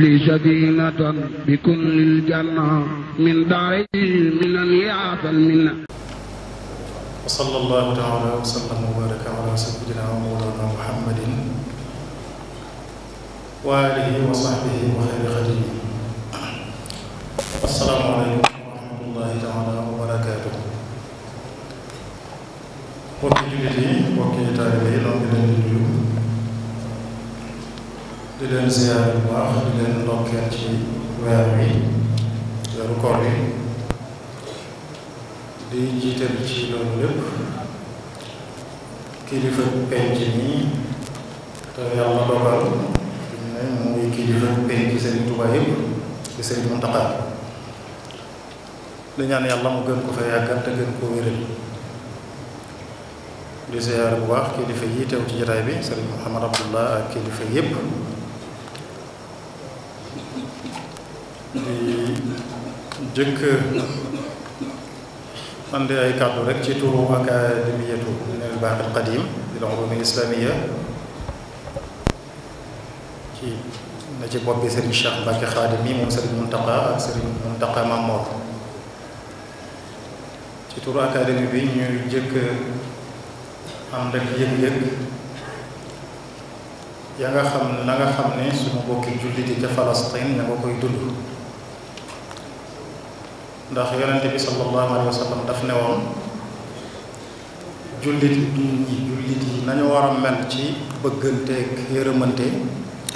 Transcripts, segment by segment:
لي سكينة بكل الجنة من داري من يعفى المنة وصلى الله تعالى وسلم وبارك على سيدنا ومولانا محمد وآله وصحبه وخير خديمه السلام عليكم ورحمة الله تعالى وبركاته mbokki jullit yi mbokki taalibe yi leen ziar bu baax di leen ndokkeel ci weer wi weeru koor wi di jiital ci loolu lépp kilifa penc nii te yàlla dogal ne muy kilifa penc Sëriñ Tuubaa yëpp di Sëriñ Muntaxa di ñaan bu baax kilifa yi teew ci jotaay bi sëriñ Muhammad Abdullah ak kilifa yëpp di jëkk andi ay kàddu rek ci turu akademiyatu minal baaxil qadim di l'ulum ci na bi Serigne Cheikh Mbacke Xaadim mi moom Serigne Mountakha ak Serigne Mountakha nga xam na nga xam ne suñu bokki jullit ca Palestine ña nga koy dund ndax yonente bi sallallahu alayhi wa sallam daf ne woon jullit ñi jullit yi nañu war mel ci bëggante ak yërëmante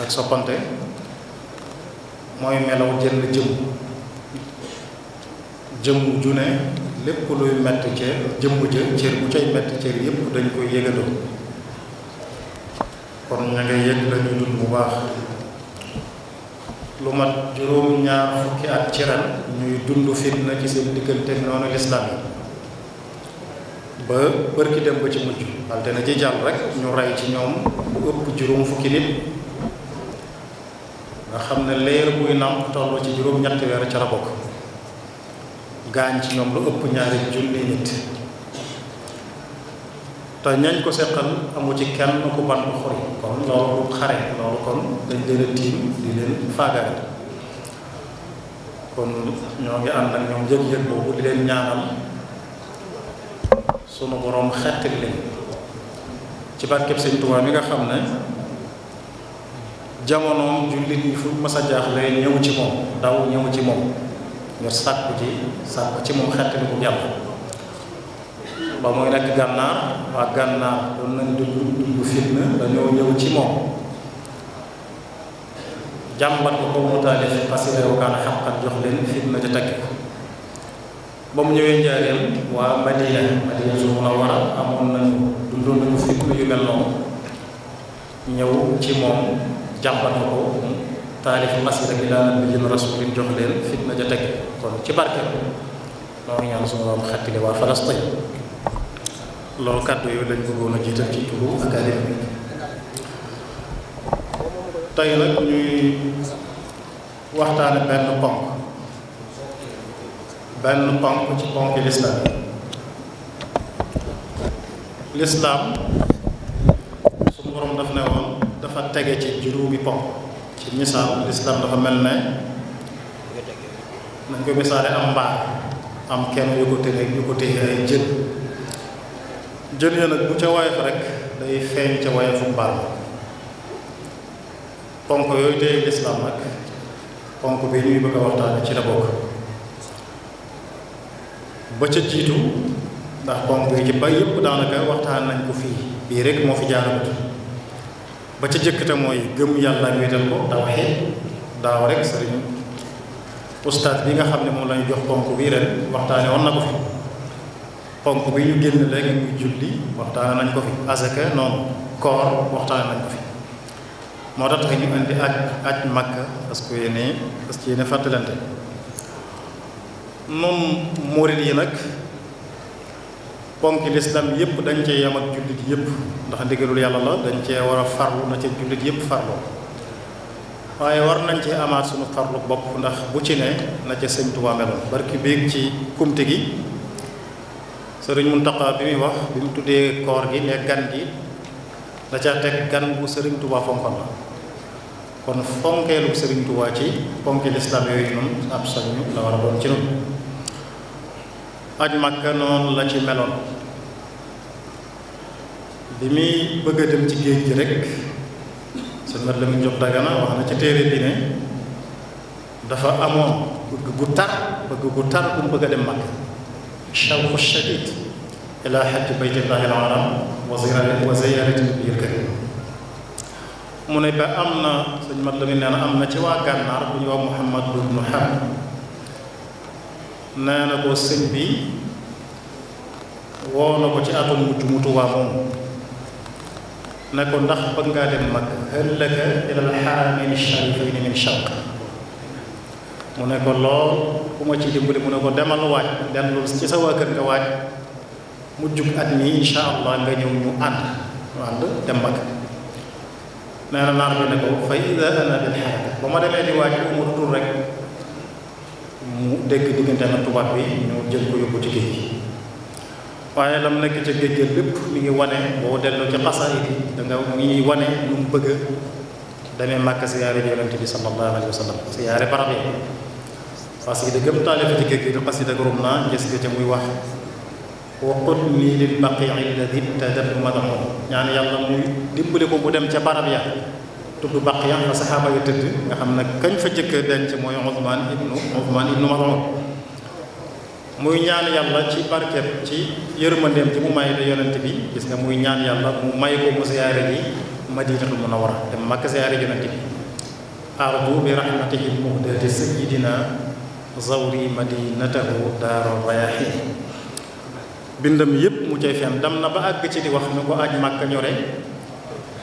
ak soppante mooy melaw jënd jëm jëm ju lépp luy metti cër jëmm jë cër bu cay metti cër yépp dañ koy yëgandoo kon ña ngay yëg dañuy dund bu baax lu mat juróom ñaar fukki at ci ren ñuy dund fitna ci seen diggante noonu lislaam yi ba bërki dem ba ci mujj altena ji jàll rek ñu rey ci ñoom bu ëpp juróom fukki nit nga xam ne leer buy nàmp toll ci juróom-ñetti weer ca la bokk gaañ ci ñoom lu ëpp ñaari junni nit te ñañ ko seqal amu ci kenn ku ban ko xori kon loolu du xare loolu kon dañ leen a tiim di leen faagaagal kon ñoo ngi am ak ñoom yëg-yëg boobu di leen ñaanal sunu boroom xettil leen ci barkeb Sëñ Tuubaa mi nga xam ne jamonoom jullit ñi fu mas a jaaxle ñëw ci moom daw ñëw ci moom ngir sàkku ci sàkku ci moom xettil ko Yàlla ba muy nekk gànnaar waa gànnaar doon nañ dugg dugg fitna dañoo ñëw ci moom jàmbat ko ko mu taalif xasida wa kaana xaqan jox leen fitna mu ñëwee njaareem waa Madina Madina a waral jën rasulin jox leen fitna te takki kon ci barke ko moo ngi ñaan suñu moom xettali waa Falastin loolu kàddu yooyu lañ bëggoon a jiital ci turu académie bi tey nag ñuy waxtaane benn ponk benn ponk ci ponk lislaam lislaam suñu borom daf ne woon dafa tege ci juróomi ponk ci misaal lislaam dafa mel na nañ ko misaale am mbaar am kenn yu ko téye yu ko téye ay jën jën ya nag bu ca woyof rek day feeñ ca woyofu mbaar ma ponk yooyu tey lislaam nag ponk bi ñuy bëgg a waxtaane ci la bokk ba ca jiitu ndax ponk yi ci bay yëpp daanaka waxtaan nañ ko fii bii rek moo fi jaaragut ba ca jëkkate mooy gëm yàlla ak wéetal ko tawhiid daaw rek sëriñ ustaat bi nga xam ne moom lañu jox ponk bii ren waxtaane woon na ko fi ponk bi ñu génn léegi muy julli waxtaane nañ ko fi asaka noonu koor waxtaane nañ ko fi moo tax ñu indi aj aj Makka parce que yéene parce que yéene fàttalante nun murit yi nag ponki lislam yépp dañ cee yem ak jullit yépp ndax ndigalul yàlla la dañ cee war a farlu na ci jullit yépp farloo waaye war nañ ci amaat suñu farlu bopp ndax bu ci ne na ca sëñ Tuubaa barki biig ci kumte gi sëriñ Muntaqa bi muy wax bi mu tuddee koor gi ne gan gi da ca teg gan bu sëriñ tubaa fonkoon la kon fonkeelu sëriñ Tuubaa ci ponki lislaam yooyu noonu ab soññ la war a doon ci noonu aj Makka noonu la ci meloon bi muy bëgg dem ci géej gi rek sëñ mat la mu jox dagana wax na ci téere bi ne dafa amoon bëgg gu tar bëgg gu tar bu mu bëgg a dem Makka شوق الشديد إلى حج بيت الله الحرام وزيارة النبي الكريم mu ne ba am na sëñ mat la mi nee na am na ci waa gànnaar bu ñu wax Muhammad ibnu Xab na ko sëñ bi woo na ko ci atum mujj mu Tuubaa moom ne ko ndax bëgg ngaa dem mag hal laka ilal xaramayni sharifayni min mu ne ko lool ku ma ci dimbali mu ne ko demal waaj dellu ci sa waa kër nga waaj mu jug at nii insha allah nga ñëw ñu ànd ñu ànd dem Makka nee na naar bi ne ko fa ida ana bil xaraka ba ma demee di waaj bu mu tur rek mu dégg diggante na tubaab bi ñu jël ko yóbbu ci géej waaye lam nekk ca géej gi lépp mi ngi wane boo delloo ci xasaayid yi da nga ngi wane mu bëgg a demee Makka siyaare bi yonent bi sallallahu alayhi siyaare barab yi xasida gëm taalifa ci kër gi di xasida gorom naa njës ga ca muy wax waqut nii lil baqii alladi tadab madaxu ñaan yàlla muy dimbali ko mu dem ca barab ya tudd baqi ya fa saxaaba ya tëdd nga xam ne kañ fa jëkk denc mooy Usmaan ibnu Usmaan ibnu Mas'uud muy ñaan yàlla ci barkeb ci yërmandeem ci mu may da yonent bi gis nga muy ñaan yàlla mu may ko mu siyaare ji Madinatul Munawwara dem Makka siyaare yonent bi ardu bi rahmatihi muhdati sayyidina zawri madinatahu daaru rayaahi bindam yépp mu cay fen dem na ba àgg ci di wax ni ko aj màkk ñore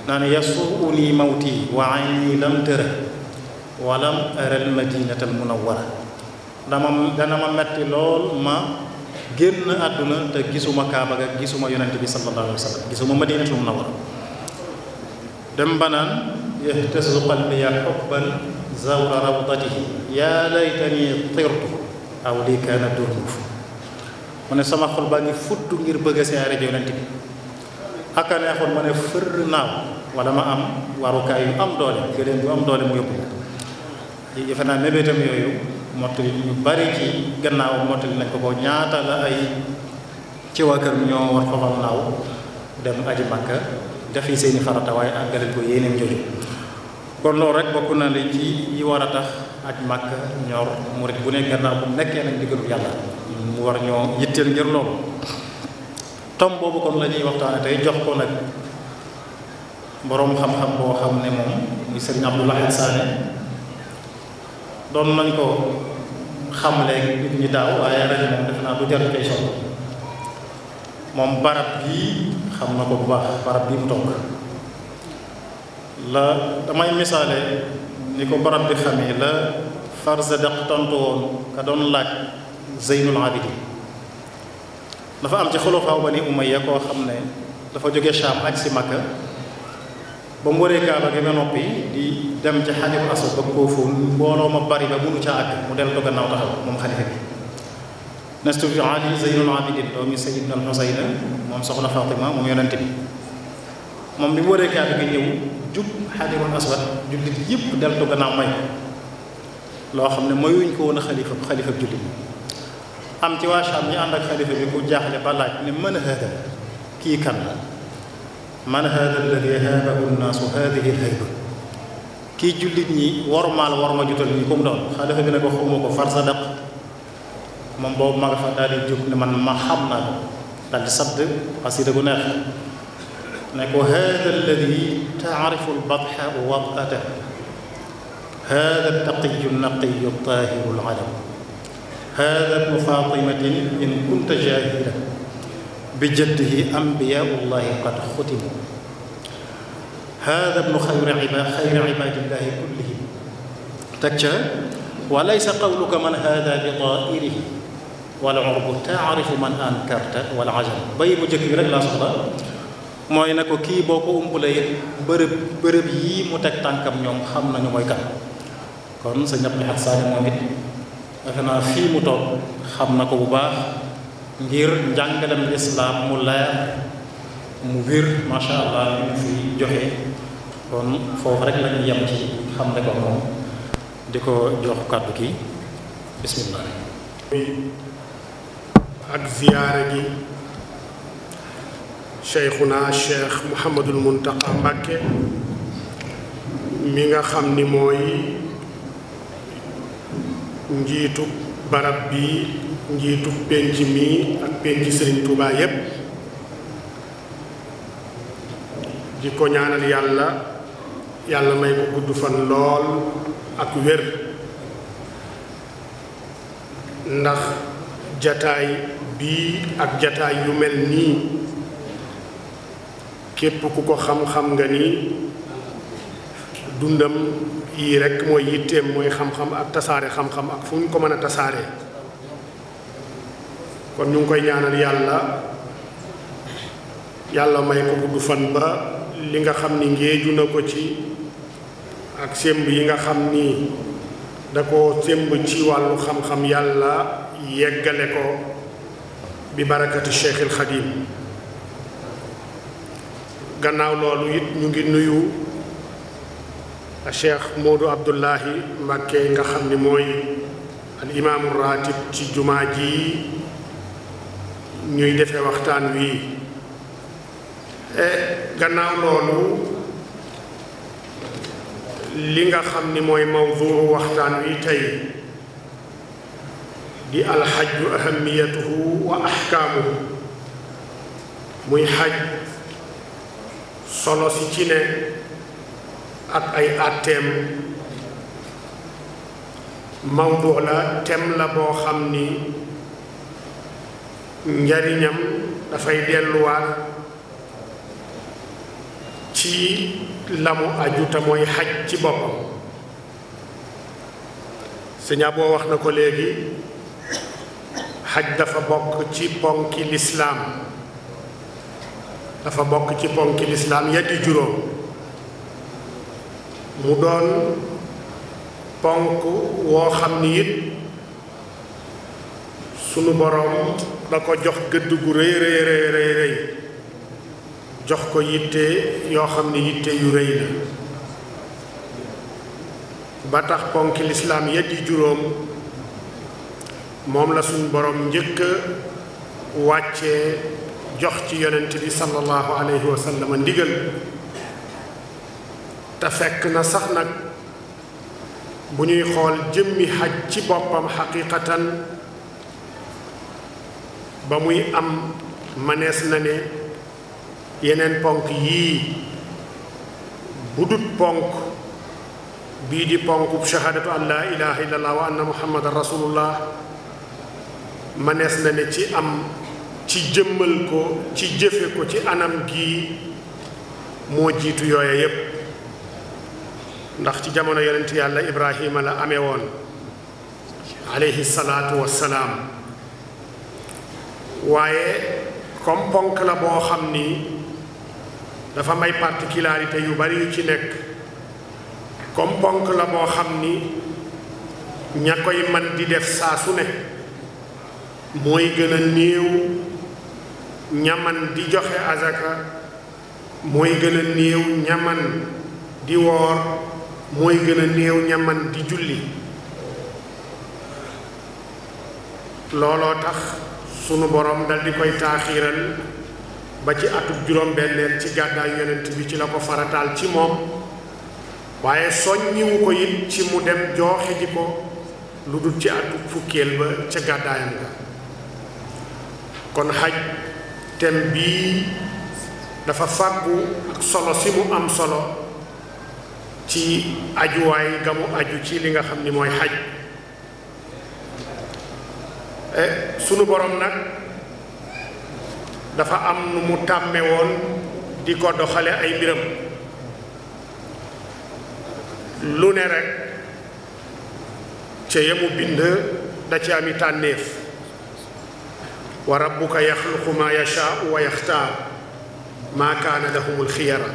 naan yasuu nii mawti wa ayni lam tëra wa lam aral madinatal munawwara dama dana ma metti lool ma génn àdduna te gisuma kaaba ga gisuma yonente bi sallallahu alayhi wa sallam gisuma madinatul munawwara dem ba naan yahtasu qalbi ya xubban زور روضته yaa laytani tirtu aw lii kaana durnuuf mu ne sama xol baa ngi futt ngir bëgg a siyaare ji yonent bi ak a neexoon ma ne fër naaw wala ma am warukaay yu am doole gëléem am doole mu yóbbu yi defe naa mébétam yooyu mottali ñu bari ci gannaaw mottali nañ ko ko ñaata la ay ci waa kër ñoo war fa naaw dem aji Makka defi seeni farata waaye àggale ko yeneen jooju kon loolu rek bokk na li ci yi war a tax aj màkk ñor murit bu ne gannaaw bu nekkee nag ndigalu yàlla mu war ñoo yitteel ngir loolu tom boobu kon la ñuy waxtaane tey jox ko nag boroom xam-xam boo xam ne moom muy sëriñ Abdou Lahad Sané doon nañ ko xam xamle nit ñu daaw waaye ren moom def naa bu jar kay solo moom barab bii xam na ko bu baax barab bii mu toog la damay misaale ni ko borom bi xamee la Farzadaq tontu woon ka doon laaj Zeynul Abidin dafa am ci xulufaaw Bani Umayya koo xam ne dafa jóge Sham ak si Makka ba mu waree Kaaba gi ba noppi di dem ci Hajarul Aswad ba Koofuun mbooloo ma bari ba mënu ca àgg mu dellu gannaaw taxaw moom xalifa bi nestu bi Ali Zeynul Abidin moom soxna bi moom bi mu waree Kaaba gi ñëw jub xajarul aswad jullit yëpp deltu gannaaw may loo xam ne mayuñ ko woon a xalifa xalifa jullit am ci waa Sham ñu ànd ak xalifa bi ku jaaxle ba laaj ne mën a kii kan la man haada alladi kii jullit ñi wormaal war ma jutal ñi ku mu doon xalifa bi ne ko xawma ko far sadaq moom boobu ma nga fa daal di ne ma xam naa ko daal di sadd xasida gu neex ne ko haada alladi taarifu albatxa wadata haada altaqiyu alnaqiyu altahiru alalam haada bnu fatimatin in kunta jahila bi jaddihi anbiyaau llahi qad xutimu haada bnu xayri ibaad xayri ibaadillahi kullihim teg ca wa laysa qawluka man haada bi daa'irihi wala urbu taarifu man ankarta wala ajab bay bu jëkk bi rek laa soxla mooy ne ko kii boo ko umpale bërëb bërëb yii mu teg tànkam ñoom xam nañu mooy kan kon sa ñëpp ak saani moom it defe naa fii mu toog xam na ko bu baax ngir njàngalem lislaam mu leer mu wér macha allah li fi joxe kon foofu rek lañu yem ci xam ne ko moom di ko jox kàddu gi bismillah ak ziyaare gi cheikhuna cheikh Mouhamadul Muntaqa Mbàkke mi nga xam ni mooy njiitu barab bi njiitu penc mi ak penc Serigne Touba yépp di ko ñaanal yàlla yàlla may ko gudd fan lool ak wér ndax jataay bii ak jataay yu mel nii képp ku ko xam-xam nga ni dundam yi rekk mooy yitteem mooy xam-xam ak tasaare xam-xam ak fu ñu ko mën a tasaare kon ñu ngi koy ñaanal yàlla yàlla may ko gudd fan ba li nga xam ni ngéeju na ko ci ak sémb yi nga xam ni da ko sémb ci wàllu xam-xam yàlla yeggale ko bi barakati Cheikhil Khadim gannaaw loolu it ñu ngi nuyu cheikh Modou Abdullahi Mbàkke nga xam ni mooy al imaamu ratib ci jumaa ji ñuy defe waxtaan wii eh, gannaaw loolu li nga xam ni mooy mawduu waxtaan wi tey di alxajju ahamiyatuhu wa axkaamuhu muy xaj solo si ci ne ak ay atteem mawdu la tem la boo xam ni njariñam dafay delluwaat ci lamu aju mooy xaj ci boppam sëñ boo wax na ko léegi xaj dafa bokk ci ponki lislaam dafa bokk ci ponki lislaam yeddi juróom mu doon ponk woo xam ni it sunu boroom da ko jox gëdd gu rëy rëy rëy jox ko yitte yoo xam ni yitte yu rëy la ba tax ponki lislaam yeddi juróom moom la suñu boroom njëkk wàccee jox ci yonent bi sallallahu alayhi wa ndigal te fekk na sax nag bu ñuy xool jëmmi xaj ci boppam xaqiqatan ba muy am mënees na ne yeneen ponk yii bu ponk bii di ponku shahaadatu an laa ilaha illallah wa anna muhammadan rasulullah mënees na ne ci am ci jëmmal ko ci jëfe ko ci anam gi moo jiitu yooye yépp ndax ci jamono yonent yàlla ibrahima la amee woon aleyhi salaatu waaye comme ponk la boo xam ni dafa may particularité yu bari yu ci nekk comme ponk la boo xam ni ña koy man di def saa su ne mooy gën a néew ñaman di joxe azaka mooy gën a néew ñaman di woor mooy gën a néew ñaman di julli looloo tax sunu borom dal di koy taaxiiral ba ci atub juróom benneel ci gàddaay yonent bi ci la ko farataal ci moom waaye soññiwu ko it ci mu dem jooxe ji ko lu dul ci atub fukkeel ba ca gàddaayam ga kon xaj thème bii dafa fàggu ak solo si mu am solo ci ajuwaay ga aju ci li nga xam ni mooy xaj eh, sunu boroom nag dafa am nu mu tàmmewoon di ko doxale ay biram lu ne rek ca yemu bind da ci ami tànnéef wa rabbuka yaxluqu maa yashaau wa yaxtaar maa kaana xiyara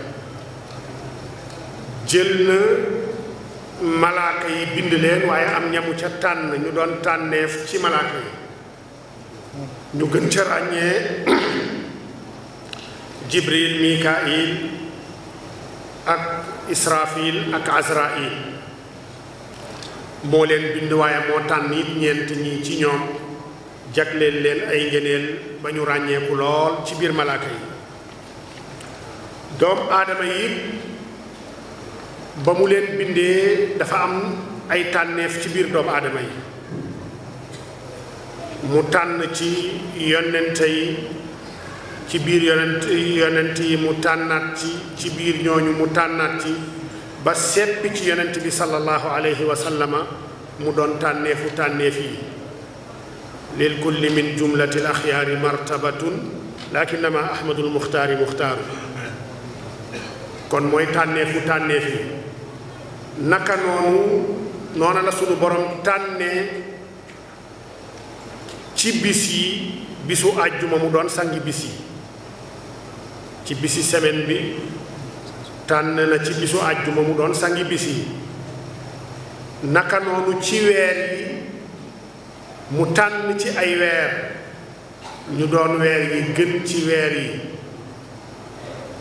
jël na malaaka yi bind leen waaye am ñamu ca tànn ñu doon tànneef ci malaaka yi ñu gën ca ràññee jibril mikail ak israfil ak azrail moo leen bind waaye moo tànn it ñeent ñi ci ñoom jagleel leen ay ngëneel ba ñu ràññeeku lool ci biir malaaka yi doom aadama yi ba mu leen bindee dafa am ay tànneef ci biir doomu aadama yi mu tànn ci yonent yi ci biir yonent yonent yi mu tànnaat ci ci biir ñooñu mu tànnaat ba seppi ci yonent bi sallallahu alayhi wa mu doon tànneefu tànneef yi lilkulli min jumlati alaxyaari martabatun lakinnama ahmadul muxtaari muxtaaru kon mooy tànneefu tànneef yi naka noonu noona la sunu borom tànnee ci bis yi bisu àjjuma mu doon sangi bis yi ci bisi semaine bi tànn na ci bisu àjjuma mu doon sangi bis yi naka noonu ci weer yi mu tànn ci ay weer ñu doon weer yi gën ci weer yi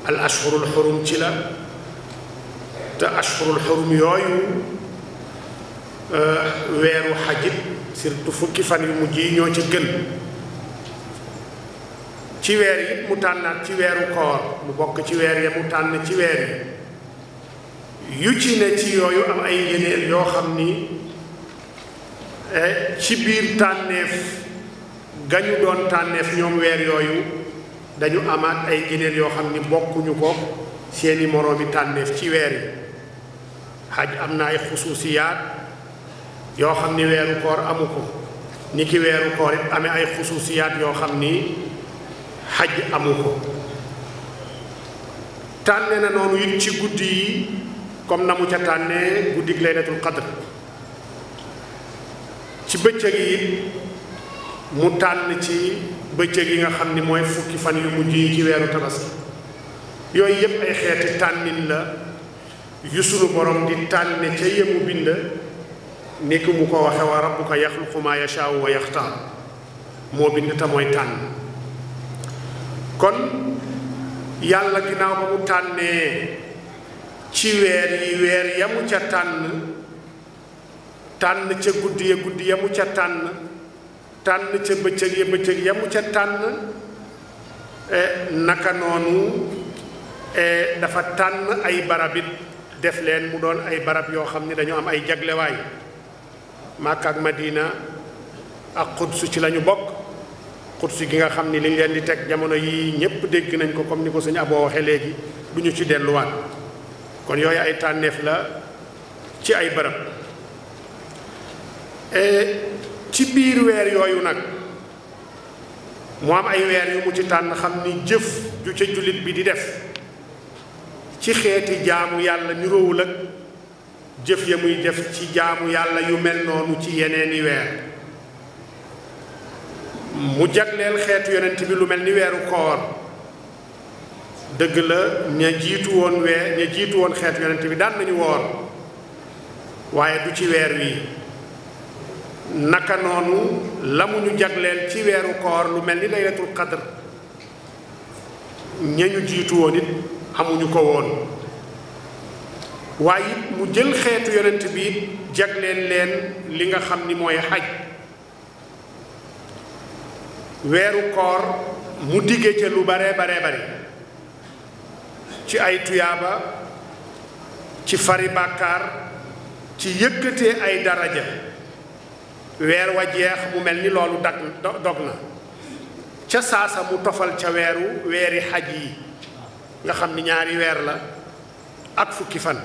al ashhurul xurum ci la te ashhurul xurum yooyu euh, weeru xajit surtout fukki fan yu mujj yi ñoo ci gën ci weer yi mu tànnaat ci weeru koor mu bokk ci weer ya mu tànn ci weer yi yu ci ne ci yooyu am ay yeneen yoo xam ni Eh, ci biir tànneef gañu doon tànneef ñoom weer yooyu dañu amaat ay gëléem yoo xam ni bokkuñu ko seeni moroomi tànneef ci weer yi xaj am na ay xusuusiyaat yoo xam ni weeru koor amu ko ni ki weeru koor it amee ay xusuusiyaat yoo xam ni xaj amu ko tànne na noonu it ci guddi yi comme na mu ca tànnee guddig laylatul qadr ci bëccëg yi mu tànn ci bëccëg yi nga xam ni mooy fukki fan yu mujj yi ci weeru tabaski yooyu yépp xeeti tànnin la yu sunu borom di tànne ca yemu bind ni ku mu ko waxe wa rabbuka yaxluqu maa yashaa'u wa yaxtaar moo bind te mooy tànn kon yàlla ginnaaw ba mu tànnee ci weer yi weer yamu ca tànn tànn ca guddi ya guddi ya mu ca tànn tànn ca bëccëg ya bëccëg ya mu ca tànn e, naka noonu e, dafa tànn ay barabit def leen mu doon ay barab yoo xam ni dañu am ay jaglewaay Makka ak Madina ak Quds ci lañu bokk Quds gi nga xam ni liñ leen di teg jamono yii ñépp dégg nañ ko comme ni ko sëñ Aboo waxee léegi du ñu ci delluwaat kon yooyu ay tànneef la ci ay barab Eh, ci biir weer yooyu nag mu am ay weer yu mu ci tànn xam ni jëf ju ca jullit bi di def ci xeeti jaamu yàlla niroowul ak jëf ya muy def ci jaamu yàlla yu mel noonu ci yeneeni weer mu jagleel xeetu yonent bi lu mel ni weeru koor dëgg la ña jiitu woon weer ña jiitu woon xeet yonent bi daan nañu woor waaye du ci weer wi naka noonu la ñu jagleel ci weeru koor lu mel ni laylatul qadr ña ñu jiitu woon it amuñu ko woon waaye it mu jël xeetu yonent bi it leen li nga xam ni mooy xaj weeru koor mu diggee ca lu bare bare bare ci ay tuyaaba ci fari bàkkaar ci yëkkatee ay daraja weer wa jeex mu mel ni loolu dag dog na ca saasa mu tofal ca weeru weeri xaj yi nga xam ni ñaari weer la ak fukki fan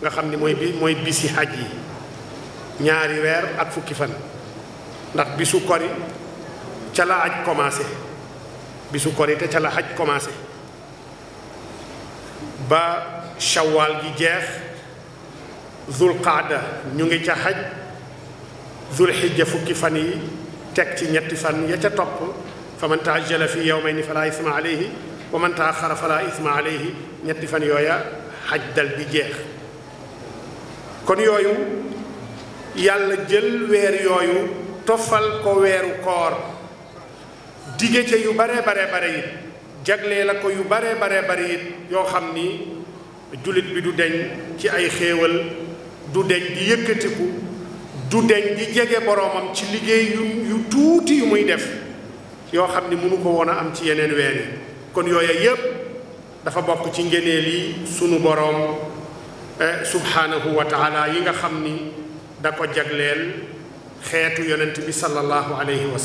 nga xam ni mooy bi mooy bisi xaj yi ñaari weer ak fukki fan ndax bisu kori ca la aj commencé bisu kori te ca la aj commencé ba shawaal gi jeex zulqaada ñu ngi ca xaj zulhijja fukki fan yi teg ci ñetti fan ca topp fa man taajjala fi yawmayni fala isma alayhi wa man ñetti fan yooya xaj dal bi jeex kon jël weer yooyu tofal ko weeru koor dige ca yu bare bare bare it jaglee la ko yu bare bare bare it yoo xam ni jullit bi du deñ ci ay xéewal du deñ di yëkkatiku du deñ di jege boroomam ci liggéey yu yu tuuti yu muy def yoo xam ni mënu ko woon a am ci yeneen ween kon yooya yépp dafa bokk ci ngëneel yi suñu boroom eh, subhaanahu wa taala yi nga xam ni da ko jagleel xeetu yonent bi sallallahu alayhi wa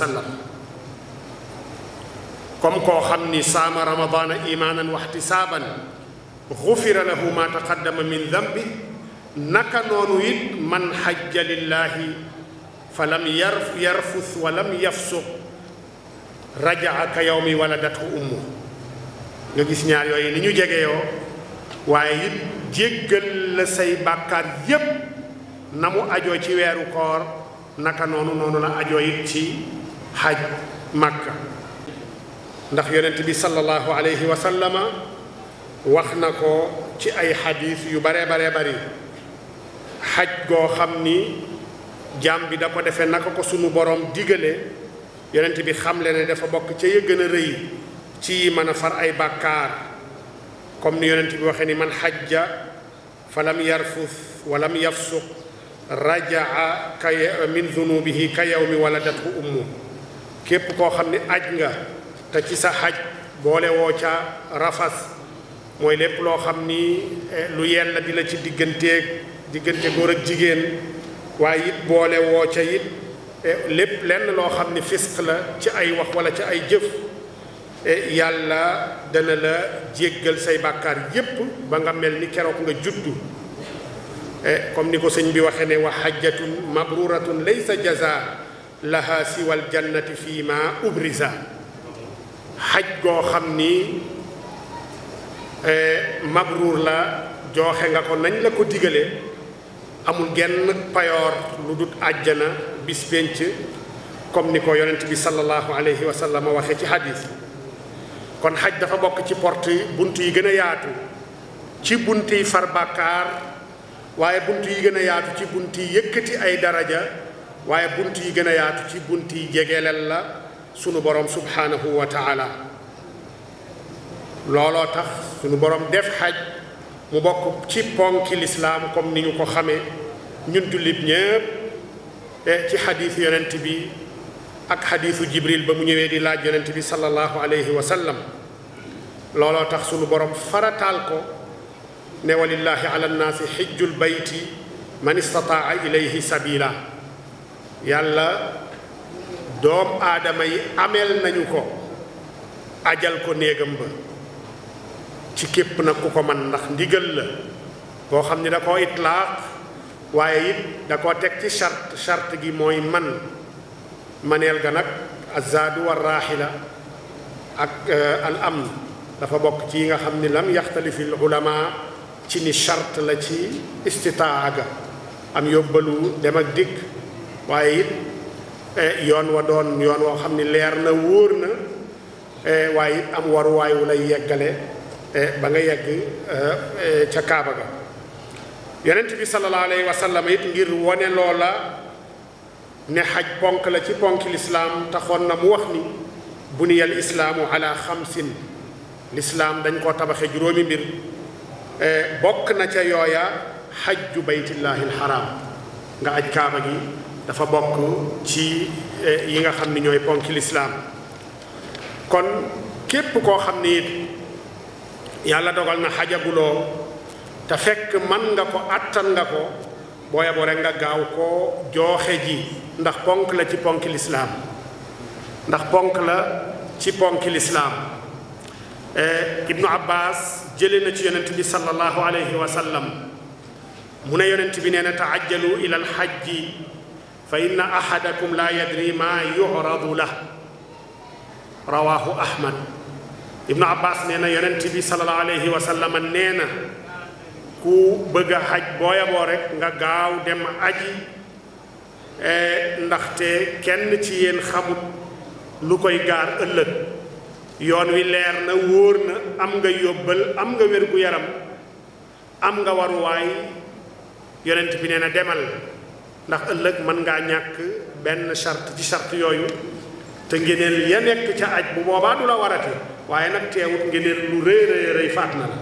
comme koo xam ni saama ramadaana imaanan wa ihtisaaban gufira lahu ma taqaddama min naka noonu it man xajja lillaahi fa lam yarf yarfus wa lam yafsuq rajaa ka yawmi waladathu ummu nga gis ñaar yooyu ni ñu jegeyoo waaye it jéggal la say bàkkaar yépp na mu ajoo ci weeru koor naka noonu noonu la ajoo it ci xaj màkka ndax yonent bi sallallahu alayhi wa wax na ko ci ay xadiis yu baree baree bari xaj goo xam ni jaam bi da ko defee naka ko sunu boroom digale yonent bi xamle ne dafa bokk ca ya gën a rëy ci mën a far ay bàkkaar comme ni yonent bi waxee ni man ja falam yarfuf walam yafsuq rajaa ka min zunubihi ka yawmi waladathu ummu képp koo xam ni aj nga te ci sa xaj boole woo ca rafas mooy lépp loo xam ni eh, lu yella bi la ci digganteeg diggante góor ak jigéen waaye it boole woo ca it eh, lépp lenn loo xam ni fisq la ci ay wax wala ci ay jëf eh, yàlla dana la jéggal say bàkkaar yépp ba nga mel ni keroog nga juddu eh, comme ni ko sëñ bi waxee ne wa xajjatun mabruratun laysa jazaa laha siwal jannati fii ma ubrisa xaj goo xam ni mabruur la jooxe nga ko nañ la ko digalee amul genn payoor lu dut àjjana bis comme ni ko yonent bi sallallahu alayhi wa sallam waxee ci xadis kon xaj dafa bokk ci porte bunt yi gën a yaatu ci bunt yi far bàkkaar waaye bunt yi gën a yaatu ci bunt yi yëkkati ay daraja waaye bunt yi gën a yaatu ci bunt yi jegeelel la sunu borom subhanahu wa taala looloo tax sunu borom def xaj mu bokk ci ponki lislaam comme ni ñu ko xamee ñun jullit ñépp te eh, ci xadiisu yonent bi ak xadiisu jibril ba mu ñëwee di laaj yonent bi sallallahu alayhi wa looloo tax sunu borom farataal ko ne walillaahi ala nnaasi xijjul bayti man istataa ilayhi sabila yàlla doom aadama yi ameel nañu ko ajal ko néegam ba ci képp nag ku ko man ndax ndigal la boo xam ne da koo itlaaq waaye it da koo teg ci charte charte gi mooy man maneel ga nag azadu wa raaxila ak euh, al amn dafa bokk ci yi nga xam ne lam yaxtalifi al ulama ci la ci istitaa am yóbbalu dem ak dikk waaye it euh, yoon wa doon yoon woo xam ne leer na wóor na euh, waaye it am waruwaay wu lay yeggale E, ba nga yegg e, e, ca Kaaba ga yonent bi sallallahu alayhi wa sallam it ngir wone loola ne xaj ponk la ci ponk lislaam taxoon na mu wax ni bu buniyal islaamu xam xamsin lislaam dañ koo tabaxe juróomi mbir bokk na ca yooya xajju baytillahi alxaraam nga aj kaaba gi dafa bokk ci yi nga xam ni ñooy ponk lislaam kon képp koo xam ni it yàlla dogal na xajaguloo te fekk man nga ko attan nga ko boo yeboo rek nga gaaw ko jooxe ji ndax ponk la ci ponk lislaam ndax ponk la ci ponk lislaam e, ibnu abbas jële na ci yonent bi sallallahu alayhi wa sallam mu ne yonent bi nee na taajjalu ila alxajji fa inna ahadakum la yadri ma yuradu la rawahu ahmad ibnu abbas nee na yonent bi sallallahu alayhi wa sallam nee na ku bëgg a xaj booyaboo rekk nga gaaw dem aji e, ndaxte kenn ci yéen xamut lu koy gaar ëllëg yoon wi leer na wóor na am nga yóbbal am nga wér gu yaram am nga waruwaay yonent bi nee na demal ndax ëllëg mën ngaa ñàkk benn charte ci charte yooyu te ngeneel ya nekk ca aj bu boobaa du la warate waaye nag teewut ngëneel lu rëy rëy rëy faat na la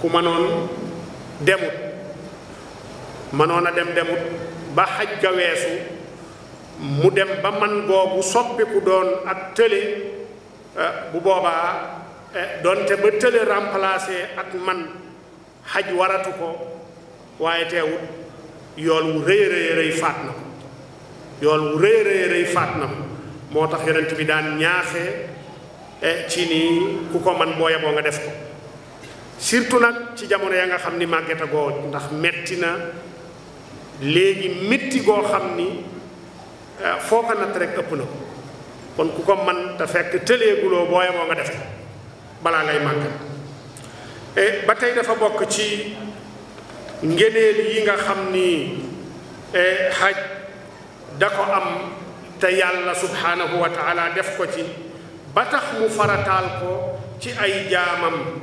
ku mënoon demut mënoon a dem demut ba xaj ga weesu mu dem ba man googu soppiku doon ak tële eh, bu boobaa eh, doonte ba tële remplacé ak man xaj waratu ko waaye teewut yool wu rëy rëy faat na yool wu rëy rëy rëy faat na ko moo tax yonent bi daan ñaaxee Eh, ci nii ku ko man boo yeboo nga def ko surtout nag ci jamono ya nga xam ni màgget agoo ndax metti na léegi métti goo xam ni eh, foo ko natt rek ëpp na ko kon ku ko man te fekk tëleeguloo boo yeboo nga def ko balaa ngay màgget eh, ba tey dafa bokk ci ngëneel yi nga xam ni xaj da ko am te yàlla subhanahu wa taala def ko ci ba tax mu farataal ko ci ay jaamam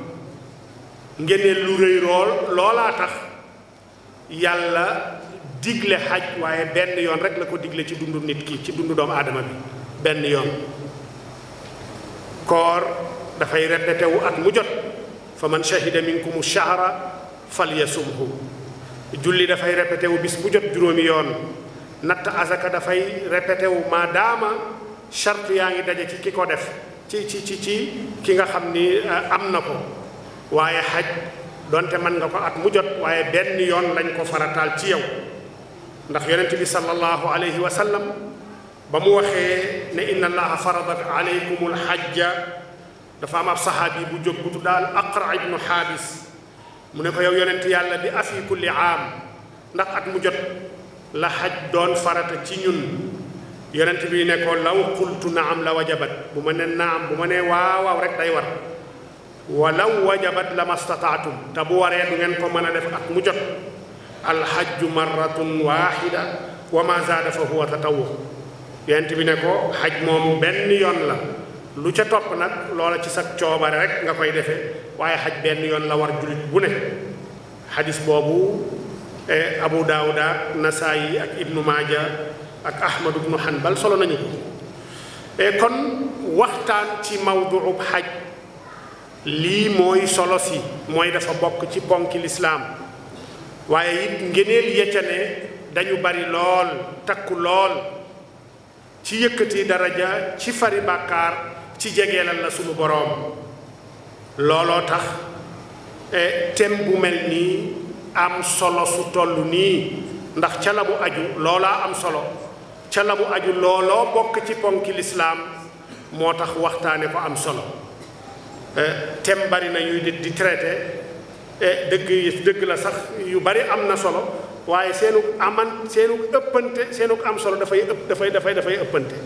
ngeneen lu rëy lool loolaa tax yàlla digle xaj waaye benn yoon rek la ko digle ci dundu nit ki ci dundu doomu aadama bi benn yoon koor dafay répété ak at mu jot fa man shahida minkumu shahra falyasumhu julli dafay répété wu bis bu jot juróomi yoon natt azaka dafay répété wu maadaama charte yaa ngi daje ci ki ko def ci ci ci ci ki nga xam ni euh, am na ko waaye xaj donte mën nga ko at mu jot waaye benn yoon lañ ko farataal ci yow ndax yonent bi sallallahu alayhi wa sallam ba mu waxee ne inna allaha faradat alaykumul hajja dafa am ab saxaabi bu jóg bu tudd al aqra ibnu xaabis mu ne ko yow yonent yàlla di afi kulli aam ndax at mu jot la xaj doon farata ci ñun yonent bi ne ko law xultu naam la wajabat bu ma ne naam bu ma nee waawaaw rek day war walaw wajabat la mastataatum te bu waree ngeen ko mën a def ak mu jot alxajju marratun waaxida wa ma bi ne ko xaj moom benn ca topp nag loola ci sa coobare rek nga koy defee waaye xaj benn yoon la war jullit bu ne xadis boobu eh, abu daawuda nasaayi ak ibnu maaja ak Ahmad ibnu Hanbal solo nañu ko e kon waxtaan ci mawduub xaj lii mooy solo si mooy dafa bokk ci ponki lislaam waaye it ngeneel yecca ne dañu bari lool takku lool ci yëkkati daraja ci fari bàkkaar ci jege la sunu boroom looloo tax thème bu mel nii am solo su toll nii ndax ca la mu aju loolaa am solo ca la mu aju looloo bokk ci ponki lislaam moo tax waxtaane ko am solo eh, tem bari na yuy nit di traité eh, dëgg dëgg la sax yu bari am na solo waaye seenu aman seenu ëppante seenu am solo dafay ëpp dafay dafay dafay ëppante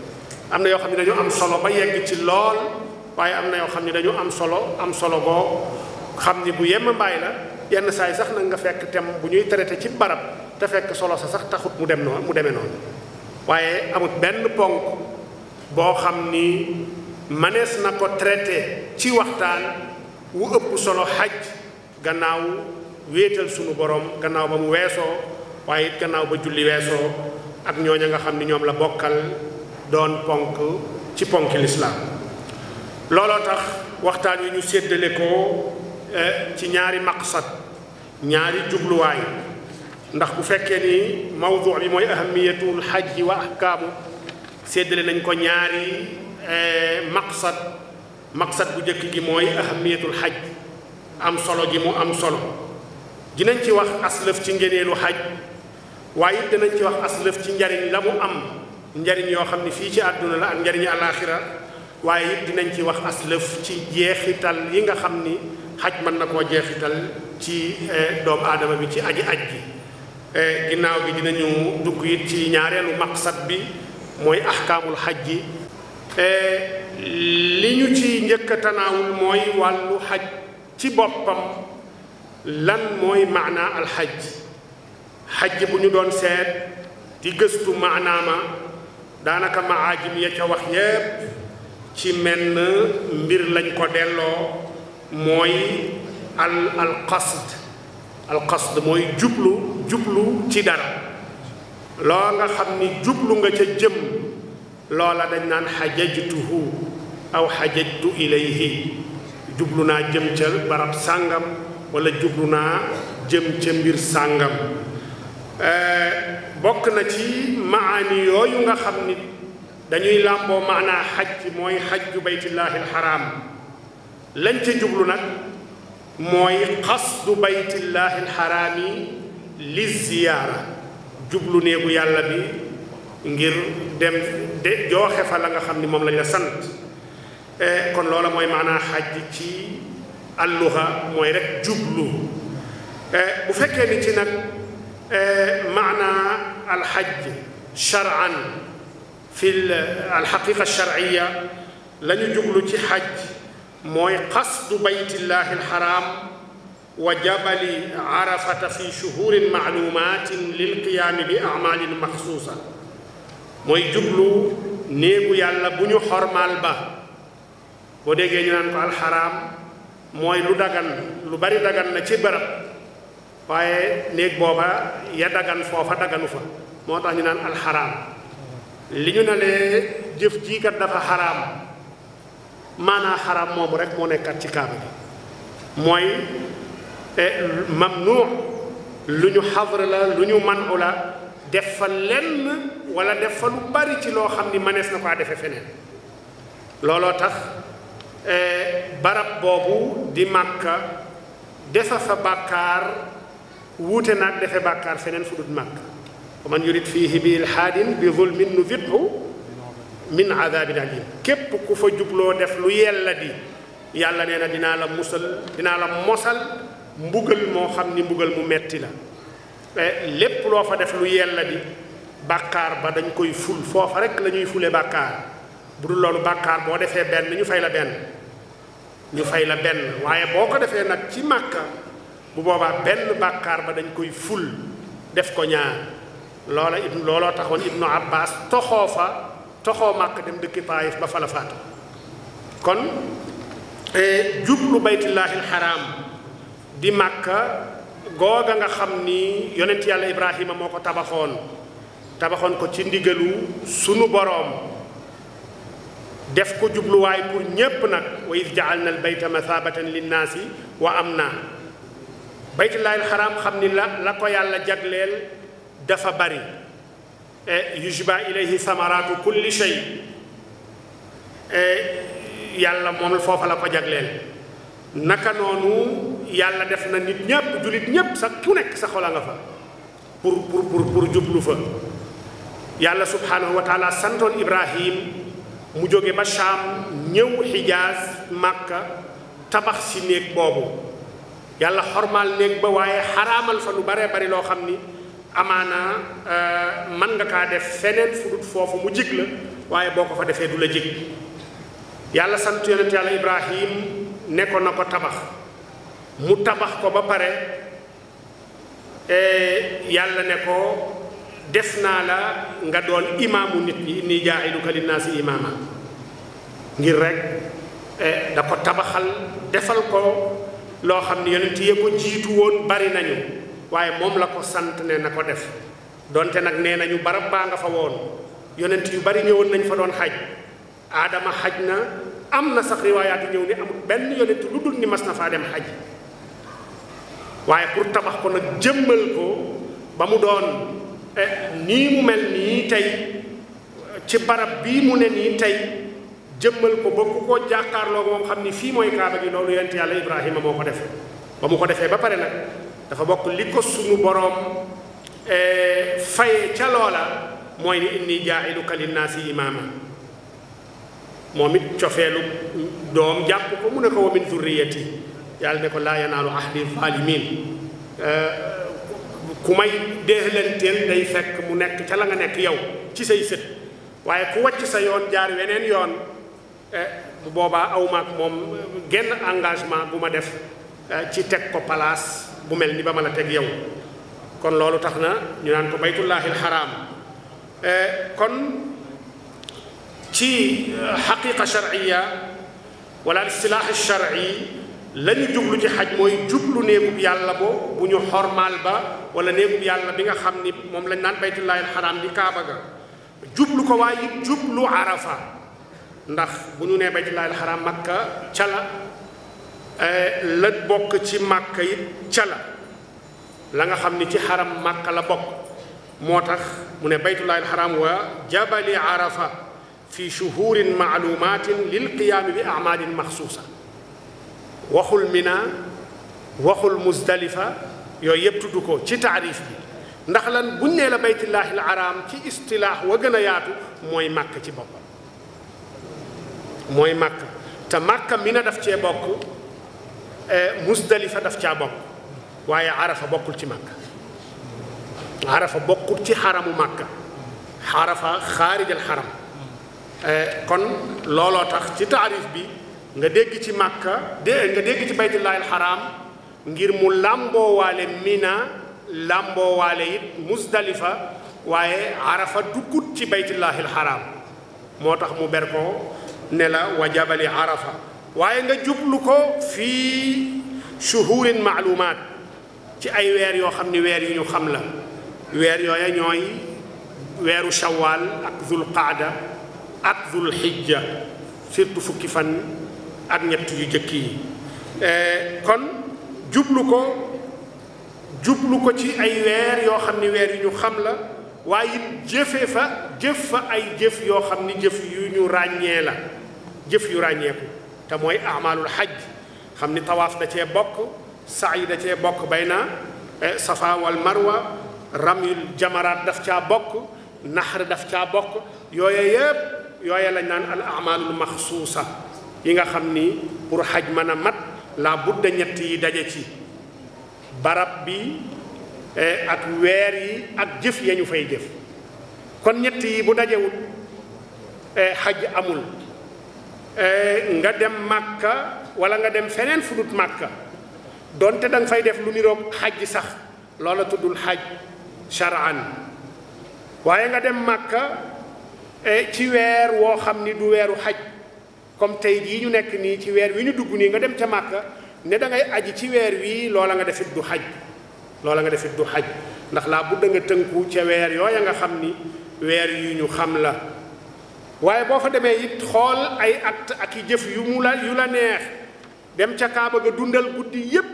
am na yoo xam ne dañu am solo ba yegg ci lool waaye am na yoo xam ne dañu am solo am solo boo xam ni bu yemm mbaay la yenn saay sax nag nga fekk tem bu ñuy traité ci barab te fekk solo sa sax taxut mu dem noonu mu demee noonu waaye amut benn ponk boo xam ni mënees na ko traité ci waxtaan wu ëpp solo xaj gannaaw wéetal sunu borom gannaaw ba mu weesoo waaye it gannaaw ba julli weesoo ak ñooña nga xam ni ñoom la bokkal doon ponk ci ponk lislaam looloo tax waxtaan wi ñu séddale ko eh, ci ñaari maqsad ñaari jubluwaay ndax bu fekkee ni mawdu bi mooy ahamiyatul xajji wa kaamu séddale nañ ko ñaari eh, maqsad maqsad bu njëkk gi mooy ahamiyatul xaj am solo ji mu am solo dinañ ci wax aslëf ci ngëneelu xaj waaye dinañ ci wax aslëf ci njariñ la mu am njariñ yoo xam ne fii ci àdduna la ak njariñu alaaxira waaye it dinañ ci wax aslëf ci jeexital yi nga xam ni xaj mën na koo jeexital ci eh, doomu aadama bi ci aji aj gi Eh, ginnaaw bi dinañu dugg it ci ñaareelu maqsad bi mooy ahkaamul xaj ji eh, li ñu ci njëkk a tanaawul mooy wàllu xaj ci boppam lan mooy maanaa alxaj xaj bu ñu doon seet di gëstu maanaama daanaka maajim ya ca wax yépp ci menn mbir lañ ko delloo mooy al al qasd alqasd mooy jublu jublu ci dara loo nga xam ni jublu nga ca jëm loola dañ naan xajajtuhu aw xajajtu ilayhi jublu naa jëm ca barab sàngam walla jublu naa jëm ca mbir sàngam bokk na ci maani yooyu nga xam ni dañuy làmboo maanaa xaj mooy xajju baytillaahi alxaraam lañ ca jublu nag mooy xasdu baytillaahi alxaraami li ziyaara jublu néegu yàlla bi ngir dem de jooxe fa la nga xam ni moom lañ la sant eh, kon loola mooy maanaa xaj ci alluxa mooy rek jublu eh, bu fekkee ni ci nag eh, maanaa alxaj shar'an fi alxaqiqa alsharciya la ñu jublu ci xaj mooy xasdu baytillahi alxaram wa jabali arafata fi shuhurin maalumatin lilqiyaami bi amalin maxsuusa mooy jublu néegu yàlla bu ñu xormaal ba boo déggee ñu naan ko alxaraam mooy lu dagan lu bari dagan na ci barab waaye néeg booba ya dagan foofa daganu fa moo tax ñu naan alxaraam li ñu ne lee jëf jiikat dafa xaraam maanaa xaraam moomu rek moo nekkaat ci kaaba bi mooy eh, mamnu lu ñu xadra la lu ñu manu def fa lenn wala def fa lu bari ci loo xam ni mënees na ko defe feneen looloo tax eh, barab boobu di màkka defa fa bàkkaar wuute naag defe bàkkaar feneen fu dul màkk wa man yurid fiihi bi ilhaadin bi zulmin nuziqhu min adabin alim képp ku fa jubloo def lu yella di yàlla nee na dinaa la musal dinaa la mosal mbugal moo xam ni mbugal mu metti la eh, lépp loo fa def lu yella di bàkkaar ba dañ koy ful foofa rek lañuy fule bàkkaar bu dul loolu bàkkaar boo defee benn ñu fay la benn ñu fay la benn waaye boo ko defee nag ci màkka bu boobaa benn bàkkaar ba dañ koy ful def ko ñaar loola ibnu looloo taxoon ibnu abbas toxoo fa toxo màkk dem dëkki Taayif ba fala kon e, jublu baytullaahi alxaraam di màkka googa nga xam ni yonent yàlla Ibrahima moo ko tabaxoon tabaxoon ko ci ndigalu sunu boroom def ko jubluwaay pour ñépp nag wa id jaal na al bayta mathabatan linnaasi wa am na baytullaahi alxaraam xam ni la la ko yàlla jagleel dafa bari E, yujba ilayhi samaraatu kulli shay e, yàlla moom foofa la ko jagleel naka noonu yàlla def na nit ñépp jullit ñépp sa ku nekk sa xola nga fa pour pour pour jublu fa yàlla subhaanahu wa santoon ibrahim mu jóge ba Shaam ñëw xijaas màkka tabax si néeg boobu yàlla xormaal néeg ba waaye xaraamal fa lu bare loo xam ni amaana euh, man nga kaa def feneen fu foofu mu jig la waaye boo ko fa defee du la jig yàlla sant yonent yàlla ibrahim ne ko na ko tabax mu tabax ko ba pare eh, yàlla ne ko def naa la nga doon imaamu nit ñi inni jaa'iluka linnaasi imaama ngir rek eh, da ko tabaxal defal ko loo xam ne yonent yi ko jiitu woon bari nañu waaye moom la ko sant ne na ko def donte nag nee nañu barab baa nga fa woon yonent yu bari ñëwoon nañ fa doon xaj aadama xaj na am na sax riwaayaatu ñëw ni amul benn yonent lu dul ni mas na faa dem xaj waaye pour tabax ko nag jëmmal ko ba mu doon eh, nii mu mel nii tey ci barab bii mu ne nii tey jëmmal ko ba ku ko jàkkaarloo moom xam ni fii mooy kaaba gi noonu yonent yàlla Ibrahima moo ko def ba mu ko defee ba pare nag dafa bokk li ko sunu boroom eh, faye ca loola mooy ni inni jaa'iluka linnaasi imaama moom it cofeelu doom jàpp ko mu ne ko wa min zurriyati yàlla ne ko laa yanaalu ahdi zalimin eh, ku may déexlanteel day fekk mu nekk ca la nga nekk yow ci say sët waaye ku wàcc sa yoon jaar weneen yoon eh, bu boobaa aw moom genn engagement bu ma def ci teg ko palaas bu mel ni ba ma la teg yow kon loolu tax na ñu naan ko baytullahil xaraam eh, kon ci eh, xaqiqa sharciya wala istilaax sharci la ñu jublu ci xaj mooy jublu néegub yàlla bo bu ñu xormaal ba wala néegub yàlla bi nga xam ni moom lañ naan baytullahil xaraam di kaaba ga jublu ko waaye jublu arafa ndax bu ñu nee baytullahil xaraam makka ca Eh, la bokk ci màkka yi ca la nga xam ni ci xaram màkka la bokk moo tax mu ne baytullahi alxaram wa jabali arafa fi shuhurin maalumatin lil qiyaami bi amalin maxsuusa waxul mina waxul muzdalifa yooyu yëpp ko ci taarif bi ndax lan buñ nee la baytullahi alxaram ci istilaax wa gën a yaatu mooy màkk ci boppam mooy màkk te màkka mina daf cee bokk Eh, musdalifa daf caa bokk waaye arafa bokkul ci màkka arafa bokkul ci xaramu màkka arafa xaarijal xaram eh, kon looloo tax ci taarif bi nga dégg ci màkka dé nga dégg ci baytullaahil xaraam ngir mu làmboowaale mina làmboowaale it musdalifa waaye arafa duggut ci baytullaahil xaraam moo tax mu ber ko ne la wa jabali arafa waaye nga jublu ko fii shuhurin maalumaat ci ay weer yoo xam ni weer yu ñu xam la weer yooya ñooy weeru shawaal ak zul qaada ak zul xijja surtout fukki fan ak ñett yu jëkk yi eh, kon jublu ko jublu ko ci ay weer yoo xam ni weer yu ñu xam la waaye it jëfe fa jëf fa ay jëf yoo xam ni jëf yu ñu ràññee la jëf yu ràññeeku te mooy amalul xaj xam ni tawaaf da cee bokk sa'i da cee bokk bay na eh, safa wal marwa ramyul jamaraat daf ca bokk naxar daf ca bokk yooye yépp yooye lañ naan al amalul maxsuusa yi nga xam ni pour xaj mën a mat la budda ñett yi daje ci barab bi eh, ak weer yi ak jëf yañu fay jëf kon ñett yi bu dajewul eh, xaj amul Eh, nga dem màkka walla nga dem feneen fu dut màkka donte da nga fay def lu niroog xaj sax loola tuddul xaj shar'an waaye nga dem màkka eh, ci weer woo xam ni du weeru xaj comme tey jii ñu nekk nii ci weer wi ñu dugg nii nga dem ca màkka ne da ngay aji ci weer wii loola nga defit du xaj loola nga defit du xaj ndax laa bu da tënku ca weer yooya nga xam ni weer yu ñu xam la waaye boo fa demee it xool ay at ak i jëf yu mu la yu la neex dem ca kaaba ga dundal guddi yépp